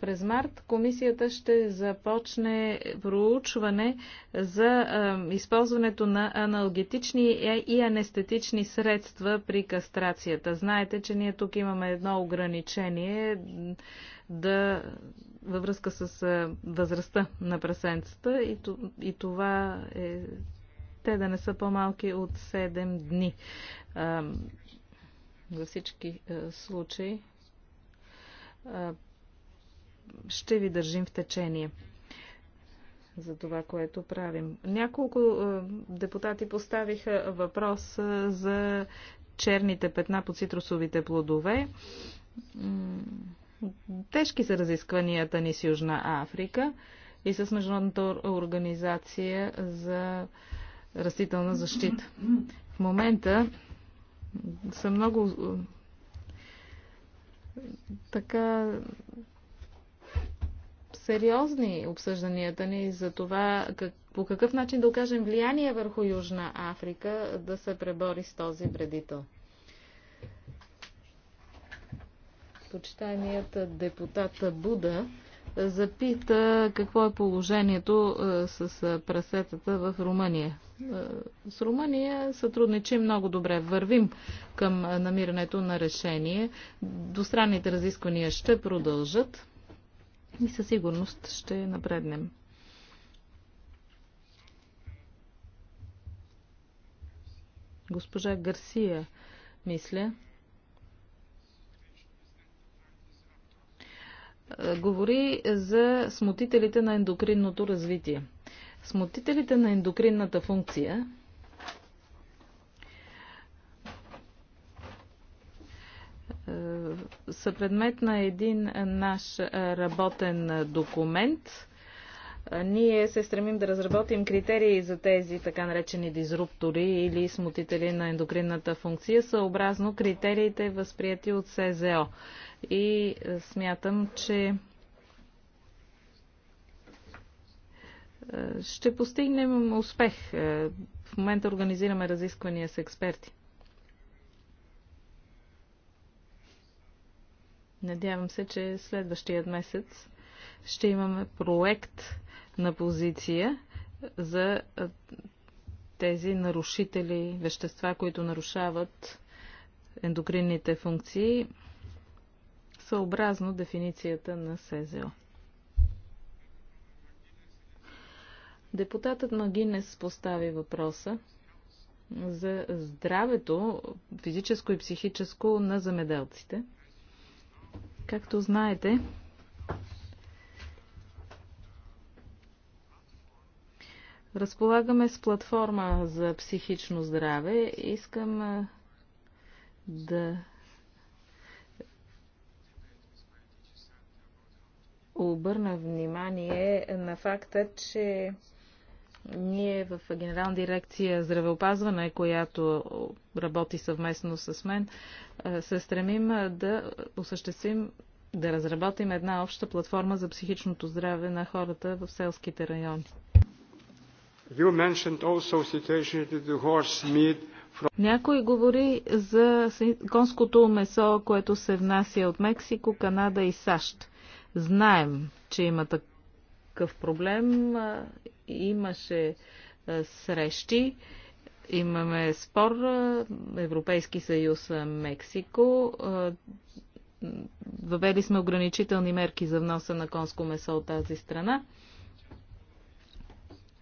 през март комисията ще започне проучване за използването на аналгетични и анестетични средства при кастрацията. Знаете, че ние тук имаме едно ограничение да, във връзка с възрастта на прасенцата и това е те да не са по-малки от 7 дни. За всички случаи ще ви държим в течение за това, което правим. Няколко е, депутати поставиха въпрос е, за черните петна по цитрусовите плодове. Тежки са разискванията ни с Южна Африка и с Международната организация за растителна защита. В момента са много е, така сериозни обсъжданията ни за това как, по какъв начин да окажем влияние върху Южна Африка да се пребори с този вредител. Почитаният депутат Буда запита какво е положението е, с е, прасетата в Румъния. Е, с Румъния сътрудничим много добре. Вървим към намирането на решение. Достранните разисквания ще продължат и със сигурност ще напреднем. Госпожа Гарсия, мисля, е, говори за смутителите на ендокринното развитие. Смутителите на ендокринната функция са предмет на един наш работен документ. Ние се стремим да разработим критерии за тези така наречени дизруптори или смутители на ендокринната функция, съобразно критериите възприяти от СЗО. И е, смятам, че е, ще постигнем успех. Е, в момента организираме разисквания с експерти. Надявам се, че следващия месец ще имаме проект на позиция за тези нарушители, вещества, които нарушават ендокринните функции, съобразно дефиницията на СЗО. Депутатът Магинес постави въпроса за здравето, физическо и психическо, на замеделците – Както знаете, разполагаме с платформа за психично здраве. Искам да обърна внимание на факта, че ние в Генерална дирекция здравеопазване, която работи съвместно с мен, се стремим да осъществим да разработим една обща платформа за психичното здраве на хората в селските райони.
From...
Някой говори за конското месо, което се внася от Мексико, Канада и САЩ. Знаем, че има такъв проблем Имаше срещи. Имаме спор Европейски съюз Мексико. Въвели сме ограничителни мерки за вноса на конско месо от тази страна.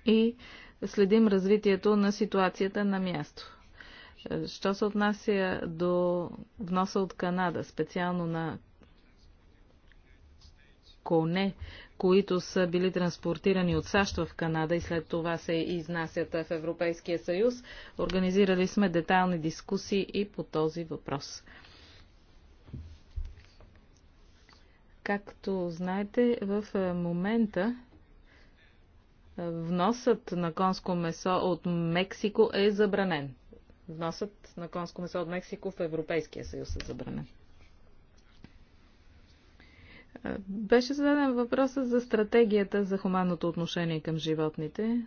И следим развитието на ситуацията на място. Що се отнася до вноса от Канада, специално на коне които са били транспортирани от САЩ в Канада и след това се изнасят в Европейския съюз. Организирали сме детайлни дискусии и по този въпрос. Както знаете, в е, момента е, вносът на конско месо от Мексико е забранен. Вносът на конско месо от Мексико в Европейския съюз е забранен. Беше зададен въпросът за стратегията за хуманното отношение към животните.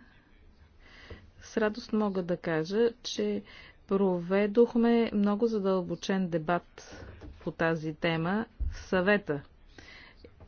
С радост мога да кажа, че проведохме много задълбочен дебат по тази тема в съвета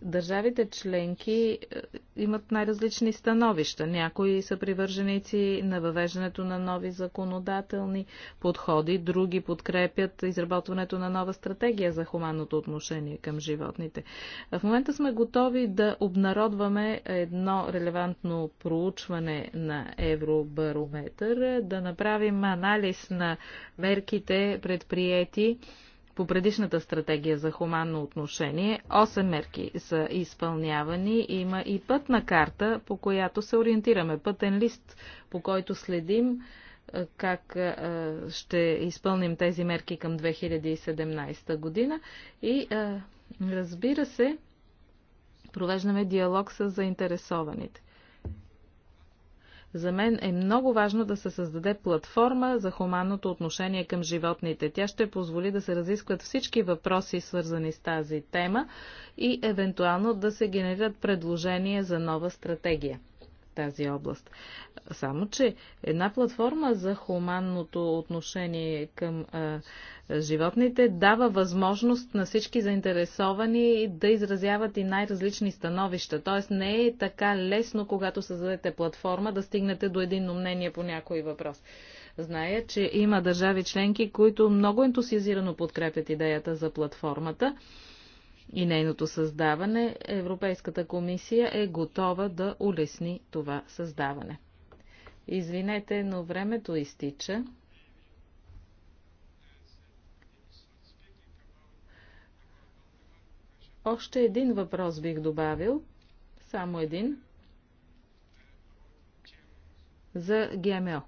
Държавите членки е, имат най-различни становища. Някои са привърженици на въвеждането на нови законодателни подходи, други подкрепят изработването на нова стратегия за хуманното отношение към животните. В момента сме готови да обнародваме едно релевантно проучване на Евробарометър, да направим анализ на мерките предприяти по предишната стратегия за хуманно отношение, 8 мерки са изпълнявани. Има и пътна карта, по която се ориентираме, пътен лист, по който следим е, как е, ще изпълним тези мерки към 2017 година. И е, разбира се, провеждаме диалог с заинтересованите. За мен е много важно да се създаде платформа за хуманното отношение към животните. Тя ще позволи да се разискват всички въпроси, свързани с тази тема и евентуално да се генерират предложения за нова стратегия тази област. Само, че една платформа за хуманното отношение към а, животните дава възможност на всички заинтересовани да изразяват и най-различни становища. Тоест не е така лесно, когато създадете платформа, да стигнете до единно мнение по някой въпрос. Зная, че има държави членки, които много ентусиазирано подкрепят идеята за платформата и нейното създаване, Европейската комисия е готова да улесни това създаване. Извинете, но времето изтича. Още един въпрос бих добавил, само един, за ГМО.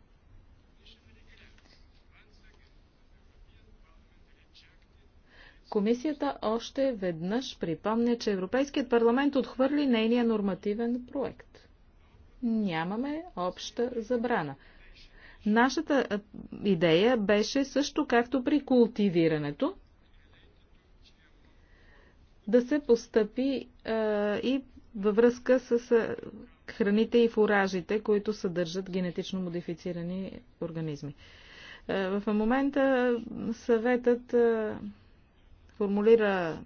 Комисията още веднъж припомня, че Европейският парламент отхвърли нейния нормативен проект. Нямаме обща забрана. Нашата идея беше също както при култивирането да се постъпи а, и във връзка с а, храните и фуражите, които съдържат генетично модифицирани организми. А, в момента съветът. А, формулира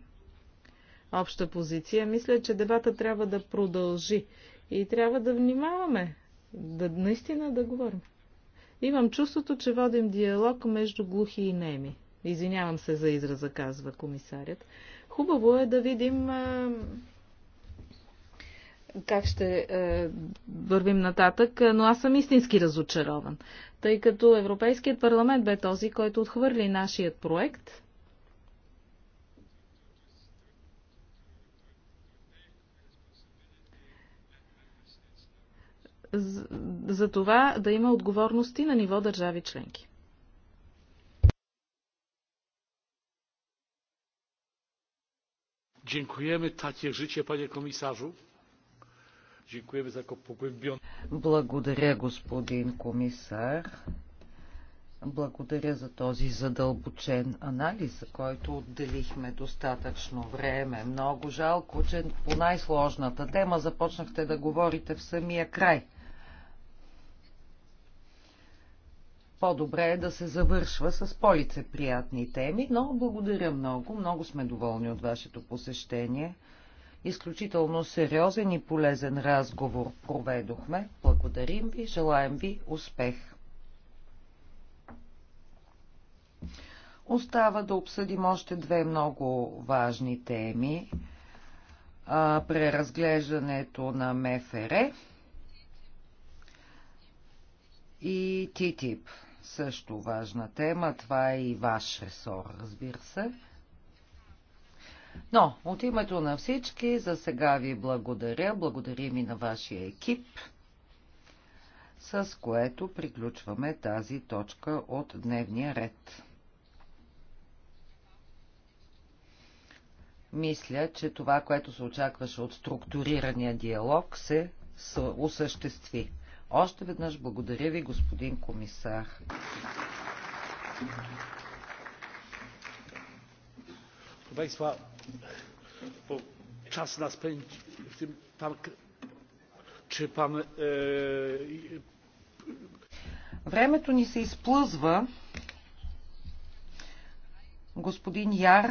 обща позиция, мисля, че дебата трябва да продължи и трябва да внимаваме, да наистина да говорим. Имам чувството, че водим диалог между глухи и неми. Извинявам се за израза, казва комисарят. Хубаво е да видим е, как ще е, вървим нататък, но аз съм истински разочарован, тъй като Европейският парламент бе този, който отхвърли нашият проект – за това да има отговорности на ниво държави членки.
Благодаря, господин комисар. Благодаря за този задълбочен анализ, за който отделихме достатъчно време. Много жалко, че по най-сложната тема започнахте да говорите в самия край. по-добре е да се завършва с полице приятни теми, но благодаря много. Много сме доволни от вашето посещение. Изключително сериозен и полезен разговор проведохме. Благодарим ви, желаем ви успех. Остава да обсъдим още две много важни теми. преразглеждането на МФР и ТИТИП също важна тема. Това е и ваш ресор, разбира се. Но от името на всички за сега ви благодаря. Благодарим и на вашия екип, с което приключваме тази точка от дневния ред. Мисля, че това, което се очакваше от структурирания диалог, се осъществи. Още веднъж благодаря ви, господин комисар.
Proszę Państwa, bo czas nas pędzi. W tym, pan, czy pan. E, Времето ни
се изплъзва. Господин Яр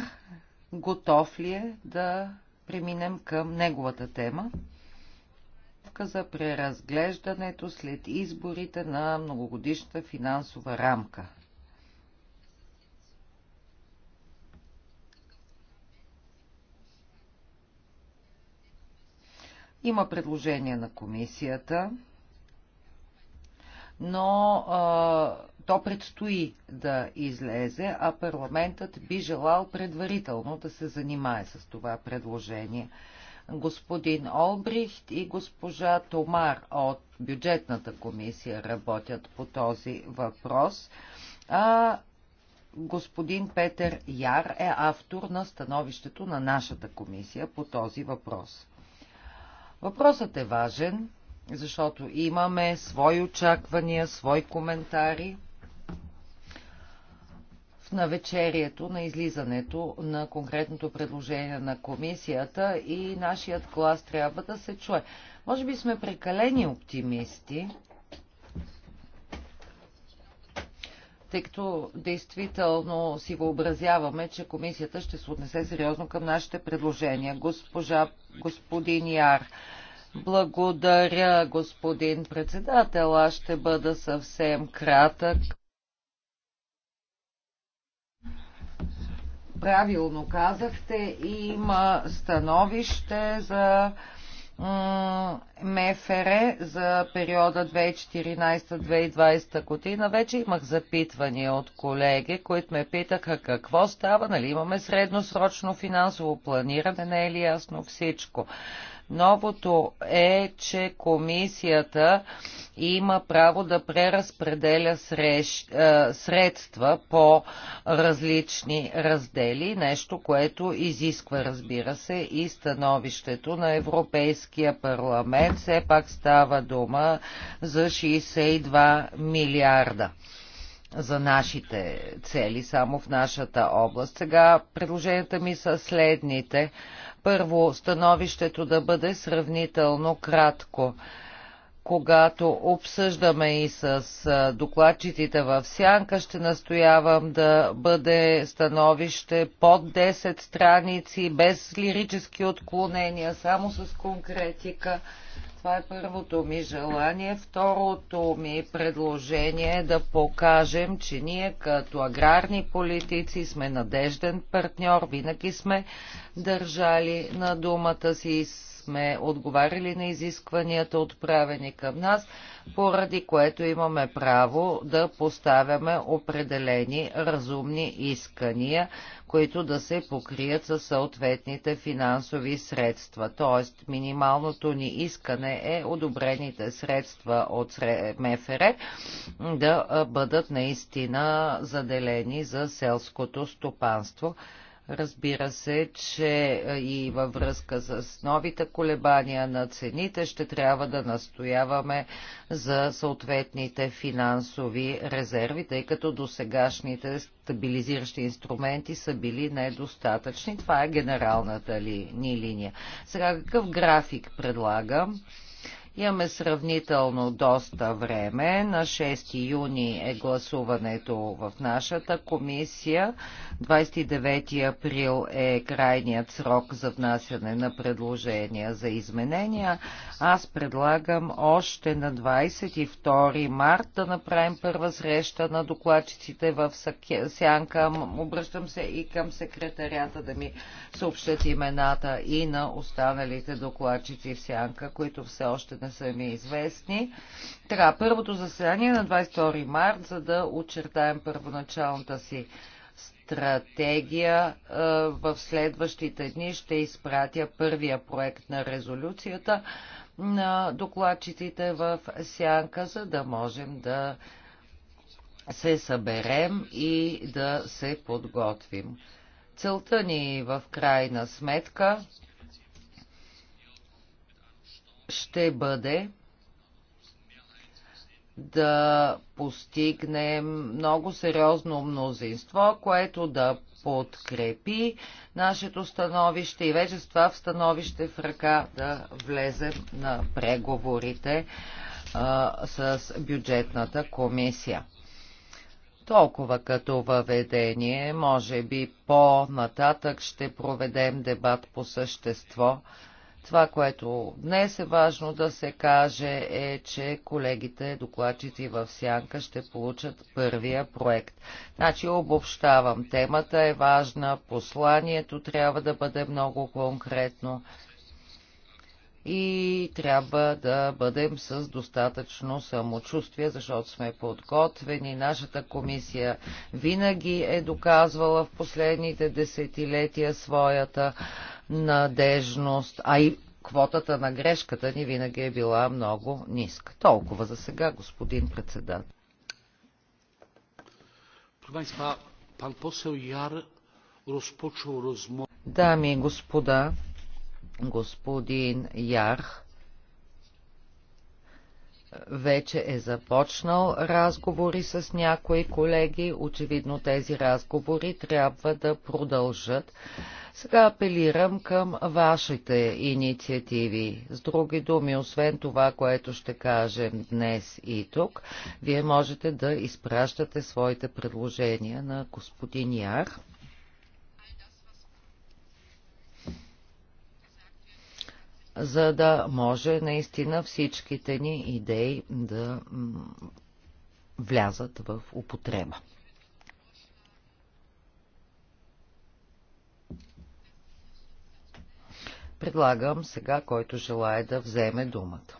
готов ли е да преминем към неговата тема? стъпка за преразглеждането след изборите на многогодишната финансова рамка. Има предложение на комисията, но а, то предстои да излезе, а парламентът би желал предварително да се занимае с това предложение. Господин Олбрихт и госпожа Томар от бюджетната комисия работят по този въпрос. А господин Петър Яр е автор на становището на нашата комисия по този въпрос. Въпросът е важен, защото имаме свои очаквания, свои коментари в навечерието на излизането на конкретното предложение на комисията и нашият глас трябва да се чуе. Може би сме прекалени оптимисти, тъй като действително си въобразяваме, че комисията ще се отнесе сериозно към нашите предложения. Госпожа, господин Яр, благодаря, господин председател. Аз ще бъда съвсем кратък. правилно казахте, има становище за МФР за периода 2014-2020 година. Вече имах запитвания от колеги, които ме питаха какво става, нали имаме средносрочно финансово планиране, не е ли ясно всичко. Новото е, че комисията има право да преразпределя е, средства по различни раздели, нещо, което изисква, разбира се, и становището на Европейския парламент. Все пак става дума за 62 милиарда за нашите цели, само в нашата област. Сега предложенията ми са следните. Първо, становището да бъде сравнително кратко когато обсъждаме и с докладчиците в Сянка, ще настоявам да бъде становище под 10 страници, без лирически отклонения, само с конкретика това е първото ми желание. Второто ми предложение е да покажем, че ние като аграрни политици сме надежден партньор, винаги сме държали на думата си сме отговаряли на изискванията, отправени към нас, поради което имаме право да поставяме определени разумни искания, които да се покрият със съответните финансови средства. Тоест, минималното ни искане е одобрените средства от МФР да бъдат наистина заделени за селското стопанство. Разбира се, че е, и във връзка с новите колебания на цените ще трябва да настояваме за съответните финансови резерви, тъй като досегашните стабилизиращи инструменти са били недостатъчни. Това е генералната ли, ни линия. Сега какъв график предлагам? Имаме сравнително доста време. На 6 юни е гласуването в нашата комисия. 29 април е крайният срок за внасяне на предложения за изменения. Аз предлагам още на 22 март да направим първа среща на докладчиците в Сянка. Обръщам се и към секретарята да ми съобщат имената и на останалите докладчици в Сянка, които все още не не са ми известни. Така, първото заседание на 22 март, за да очертаем първоначалната си стратегия. Е, в следващите дни ще изпратя първия проект на резолюцията на докладчиците в Сянка, за да можем да се съберем и да се подготвим. Целта ни е в крайна сметка ще бъде да постигнем много сериозно мнозинство, което да подкрепи нашето становище и вече с това в становище в ръка да влезем на преговорите а, с бюджетната комисия. Толкова като въведение, може би по-нататък ще проведем дебат по същество. Това, което днес е важно да се каже е, че колегите докладчици в Сянка ще получат първия проект. Значи обобщавам, темата е важна, посланието трябва да бъде много конкретно и трябва да бъдем с достатъчно самочувствие, защото сме подготвени. Нашата комисия винаги е доказвала в последните десетилетия своята надежност, а и квотата на грешката ни винаги е била много ниска. Толкова за сега, господин председател. Дами и господа, господин Ярх вече е започнал разговори с някои колеги. Очевидно тези разговори трябва да продължат. Сега апелирам към вашите инициативи. С други думи, освен това, което ще кажем днес и тук, вие можете да изпращате своите предложения на господин Яр. за да може наистина всичките ни идеи да влязат в употреба. Предлагам сега, който желая да вземе думата.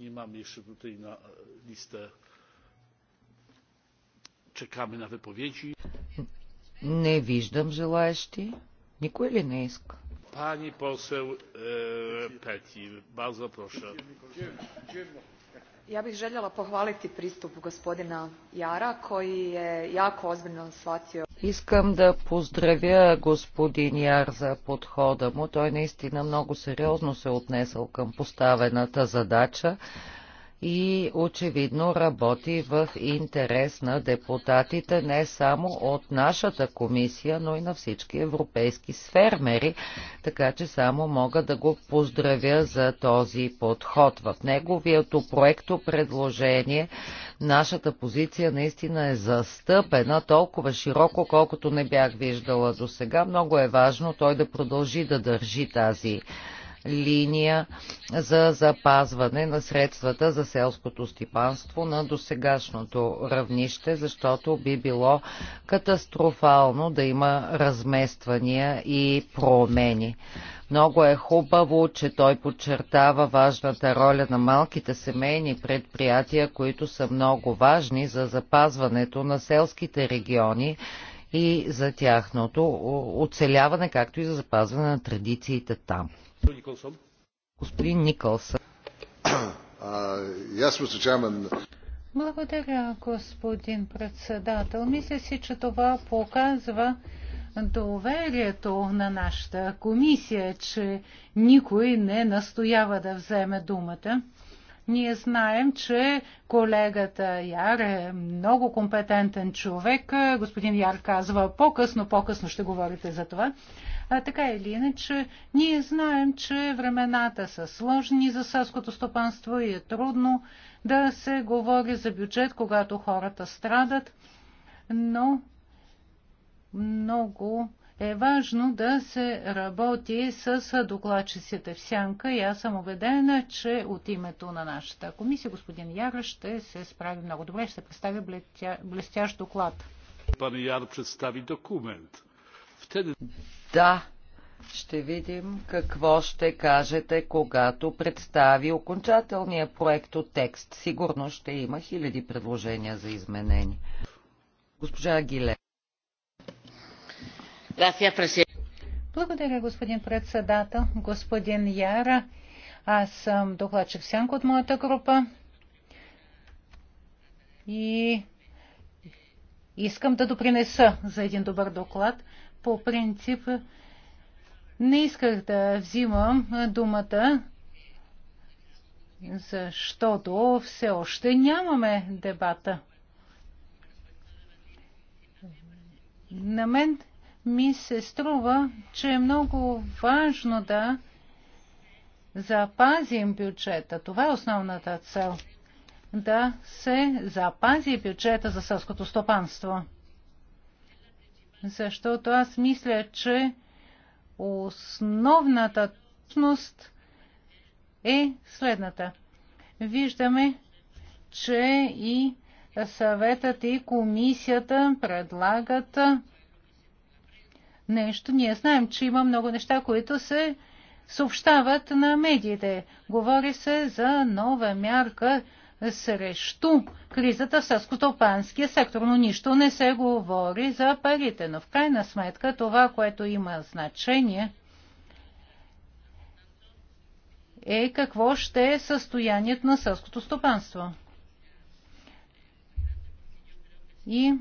Nie mamy jeszcze tutaj на листа. Czekamy на wypowiedzi.
Не виждам желаящи. Никой ли не иска?
pani poseł petir bardzo proszę
ja bih željela pohvaliti pristup gospodina Jara koji je jako ozbiljno shvatio
Искам да поздравя господин Яр за подхода му. Той наистина много сериозно се отнесъл към поставената задача и очевидно работи в интерес на депутатите не само от нашата комисия, но и на всички европейски сфермери. така че само мога да го поздравя за този подход. В неговието проекто предложение нашата позиция наистина е застъпена толкова широко, колкото не бях виждала до сега. Много е важно той да продължи да държи тази линия за запазване на средствата за селското стипанство на досегашното равнище, защото би било катастрофално да има размествания и промени. Много е хубаво, че той подчертава важната роля на малките семейни предприятия, които са много важни за запазването на селските региони и за тяхното оцеляване, както и за запазване на традициите там. Николсон. Господин Николсън.
Благодаря, господин председател. Мисля си, че това показва доверието на нашата комисия, че никой не настоява да вземе думата. Ние знаем, че колегата Яр е много компетентен човек. Господин Яр казва по-късно, по-късно ще говорите за това. А, така или иначе, ние знаем, че времената са сложни за селското стопанство и е трудно да се говори за бюджет, когато хората страдат, но много е важно да се работи с докладчиците в сянка и аз съм убедена, че от името на нашата комисия господин Яра ще се справи много добре, ще представи блестящ доклад.
Пан Яр представи документ. Втеди...
Да, ще видим какво ще кажете, когато представи окончателния проект от текст. Сигурно ще има хиляди предложения за изменение. Госпожа Агиле.
Благодаря, господин председател. Господин Яра, аз съм докладчик Сянко от моята група и искам да допринеса за един добър доклад по принцип не исках да взимам думата, защото все още нямаме дебата. На мен ми се струва, че е много важно да запазим бюджета. Това е основната цел. Да се запази бюджета за сълското стопанство защото аз мисля, че основната точност е следната. Виждаме, че и съветът и комисията предлагат нещо. Ние знаем, че има много неща, които се съобщават на медиите. Говори се за нова мярка срещу кризата в селскостопанския сектор, но нищо не се говори за парите. Но в крайна сметка това, което има значение, е какво ще е състоянието на сълското стопанство. И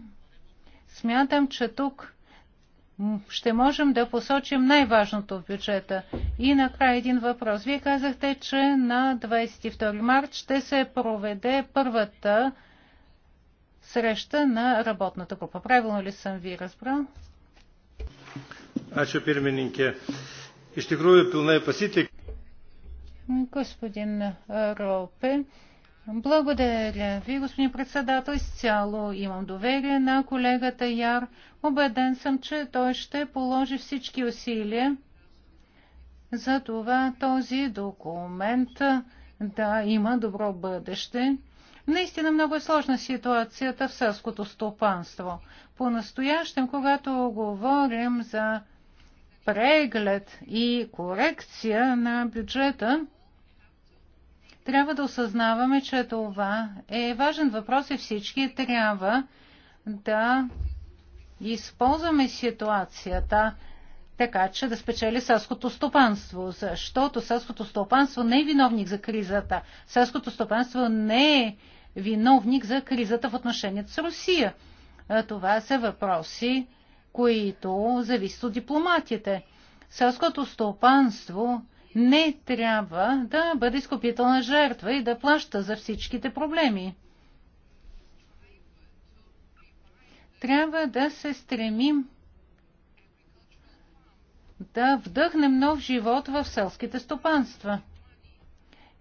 смятам, че тук ще можем да посочим най-важното в бюджета. И накрая един въпрос. Вие казахте, че на 22 март ще се проведе първата среща на работната група. Правилно ли съм ви разбрал?
Ačiū ще Iš пилна е пасите.
Господин Ропе, благодаря ви, господин председател. Изцяло имам доверие на колегата Яр. Обеден съм, че той ще положи всички усилия за това този документ да има добро бъдеще. Наистина много е сложна ситуацията в селското стопанство. По-настоящем, когато говорим за преглед и корекция на бюджета, трябва да осъзнаваме, че това е важен въпрос и всички трябва да използваме ситуацията така, че да спечели селското стопанство, защото селското стопанство не е виновник за кризата. Селското стопанство не е виновник за кризата в отношенията с Русия. Това са въпроси, които зависят от дипломатите. Селското стопанство не трябва да бъде изкупителна жертва и да плаща за всичките проблеми. Трябва да се стремим да вдъхнем нов живот в селските стопанства.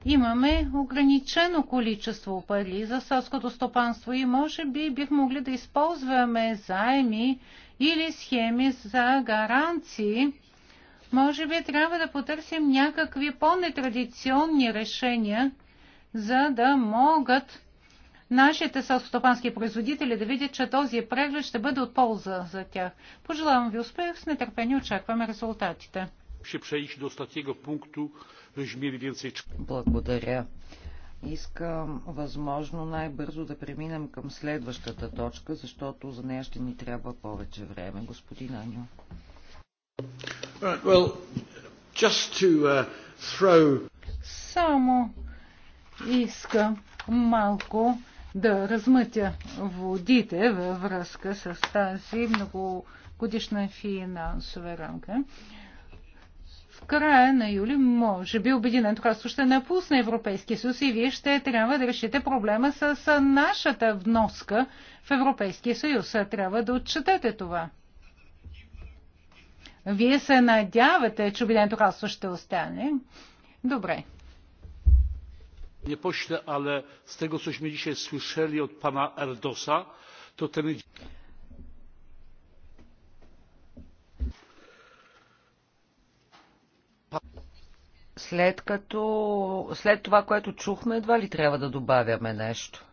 Имаме ограничено количество пари за селското стопанство и може би бих могли да използваме заеми или схеми за гаранции може би трябва да потърсим някакви по-нетрадиционни решения, за да могат нашите селскостопански производители да видят, че този преглед ще бъде от полза за тях. Пожелавам ви успех, с нетърпение очакваме резултатите.
Благодаря. Искам възможно най-бързо да преминем към следващата точка, защото за нея ще ни трябва повече време, господин Аню.
Right, well, just to uh,
throw...
Само искам малко да размътя водите във връзка с тази многогодишна финансова рамка. В края на юли, може би, Обединеното кралство ще напусне Европейския съюз и вие ще трябва да решите проблема с нашата вноска в Европейския съюз. Трябва да отчетете това. Вие се надявате, че Обединеното кралство ще остане? Добре.
Не Nie але с z tego сме dzisiaj слушали от пана Ердоса, то ten.
След, като, след това, което чухме, едва ли трябва да добавяме нещо?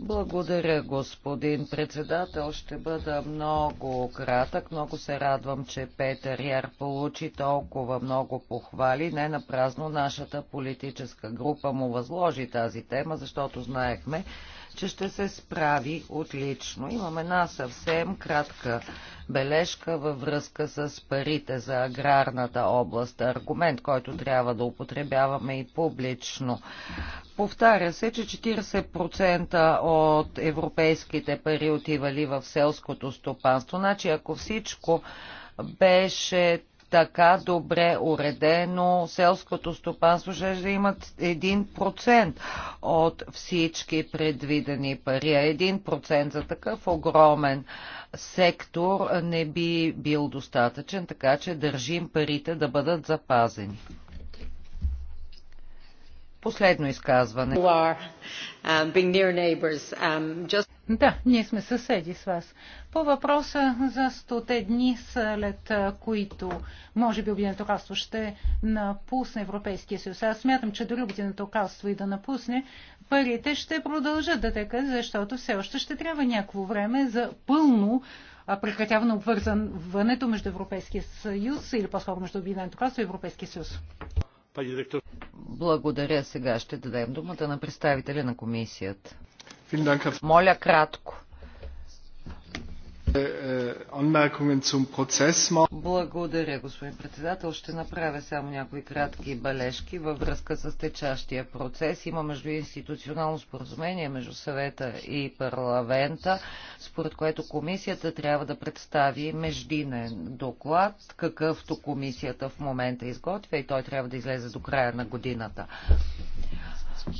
Благодаря, господин председател. Ще бъда много кратък. Много се радвам, че Петър Яр получи толкова много похвали. Не на празно нашата политическа група му възложи тази тема, защото знаехме, че ще се справи отлично. Имам една съвсем кратка бележка във връзка с парите за аграрната област. Аргумент, който трябва да употребяваме и публично. Повтаря се, че 40% от европейските пари отивали в селското стопанство. Значи, ако всичко беше така добре уредено селското стопанство ще да имат 1% от всички предвидени пари. А 1% за такъв огромен сектор не би бил достатъчен, така че държим парите да бъдат запазени. Последно изказване. Um, um,
да, ние сме съседи с вас. По въпроса за стоте дни, след които може би Обединеното кралство ще напусне Европейския съюз. Аз смятам, че дори Обединеното кралство и да напусне, парите ще продължат да текат, защото все още ще трябва някакво време за пълно прекратяване обвързването между Европейския съюз или по-скоро между Обединеното кралство и Европейския съюз
директор. Благодаря. Сега ще дадем думата на представителя на комисията. Моля кратко. Благодаря, господин председател. Ще направя само някои кратки бележки във връзка с течащия процес. Има между институционално споразумение между съвета и парламента, според което комисията трябва да представи междинен доклад, какъвто комисията в момента изготвя и той трябва да излезе до края на годината.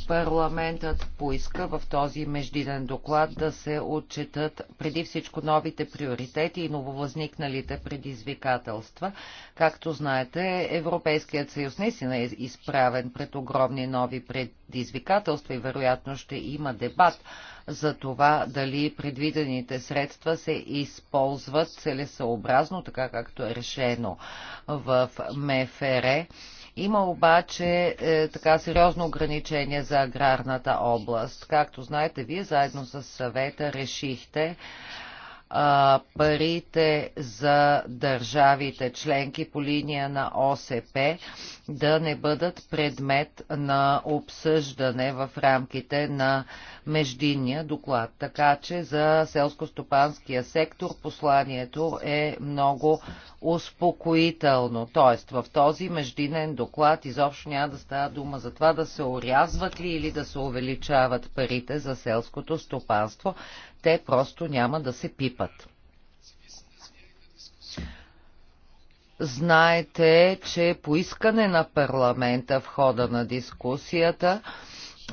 Парламентът поиска в този междинен доклад да се отчетат преди всичко новите приоритети и нововъзникналите предизвикателства. Както знаете, Европейският съюз наистина е изправен пред огромни нови предизвикателства и вероятно ще има дебат за това дали предвидените средства се използват целесъобразно, така както е решено в МФР. Има обаче е, така сериозно ограничение за аграрната област. Както знаете, вие заедно с съвета решихте а, парите за държавите членки по линия на ОСП да не бъдат предмет на обсъждане в рамките на междинния доклад. Така че за селско-стопанския сектор посланието е много успокоително. Тоест в този междинен доклад изобщо няма да става дума за това да се орязват ли или да се увеличават парите за селското стопанство, те просто няма да се пипат. Знаете, че по искане на парламента в хода на дискусията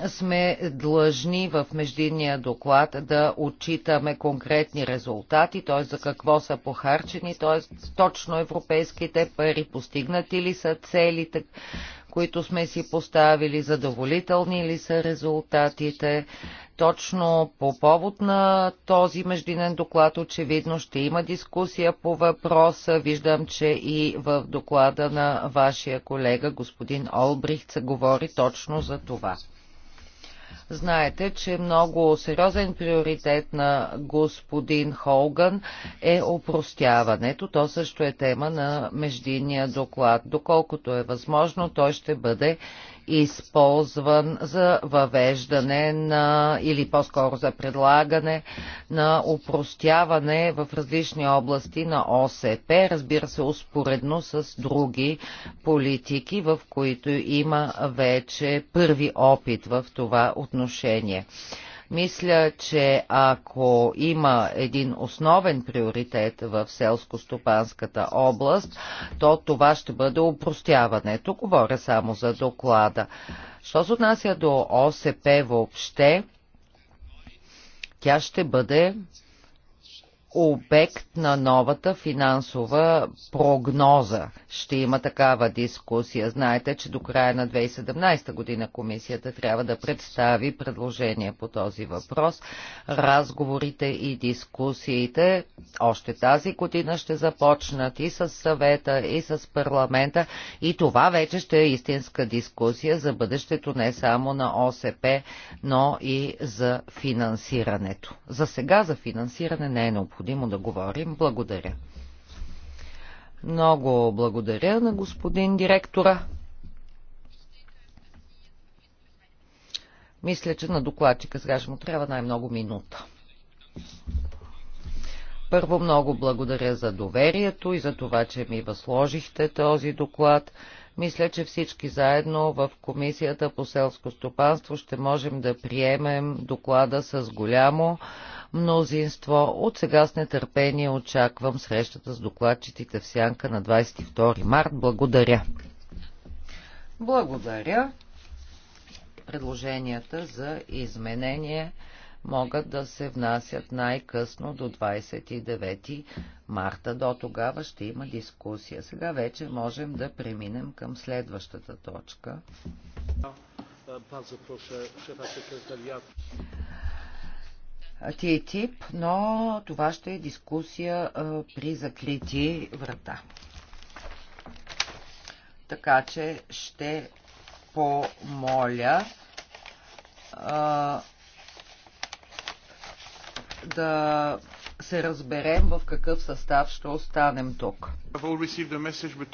сме длъжни в междинния доклад да отчитаме конкретни резултати, т.е. за какво са похарчени, т.е. точно европейските пари, постигнати ли са целите, които сме си поставили, задоволителни ли са резултатите. Точно по повод на този междинен доклад очевидно ще има дискусия по въпроса. Виждам, че и в доклада на вашия колега господин Олбрихт се говори точно за това. Знаете, че много сериозен приоритет на господин Холган е опростяването. То също е тема на междинния доклад. Доколкото е възможно, той ще бъде използван за въвеждане на, или по-скоро за предлагане на упростяване в различни области на ОСП, разбира се, успоредно с други политики, в които има вече първи опит в това отношение. Мисля, че ако има един основен приоритет в селско-стопанската област, то това ще бъде упростяването. Говоря само за доклада. Що се отнася до ОСП въобще, тя ще бъде обект на новата финансова прогноза. Ще има такава дискусия. Знаете, че до края на 2017 година комисията трябва да представи предложение по този въпрос. Разговорите и дискусиите още тази година ще започнат и с съвета, и с парламента. И това вече ще е истинска дискусия за бъдещето не само на ОСП, но и за финансирането. За сега за финансиране не е необходимо необходимо да говорим. Благодаря. Много благодаря на господин директора. Мисля, че на докладчика сега ще му трябва най-много минута. Първо много благодаря за доверието и за това, че ми възложихте този доклад. Мисля, че всички заедно в Комисията по селско стопанство ще можем да приемем доклада с голямо мнозинство. От сега с нетърпение очаквам срещата с докладчиците в Сянка на 22 март. Благодаря. Благодаря. Предложенията за изменение могат да се внасят най-късно до 29 марта. До тогава ще има дискусия. Сега вече можем да преминем към следващата точка. ТИТИП, е но това ще е дискусия при закрити врата. Така че ще помоля а, да се разберем в какъв състав ще останем тук.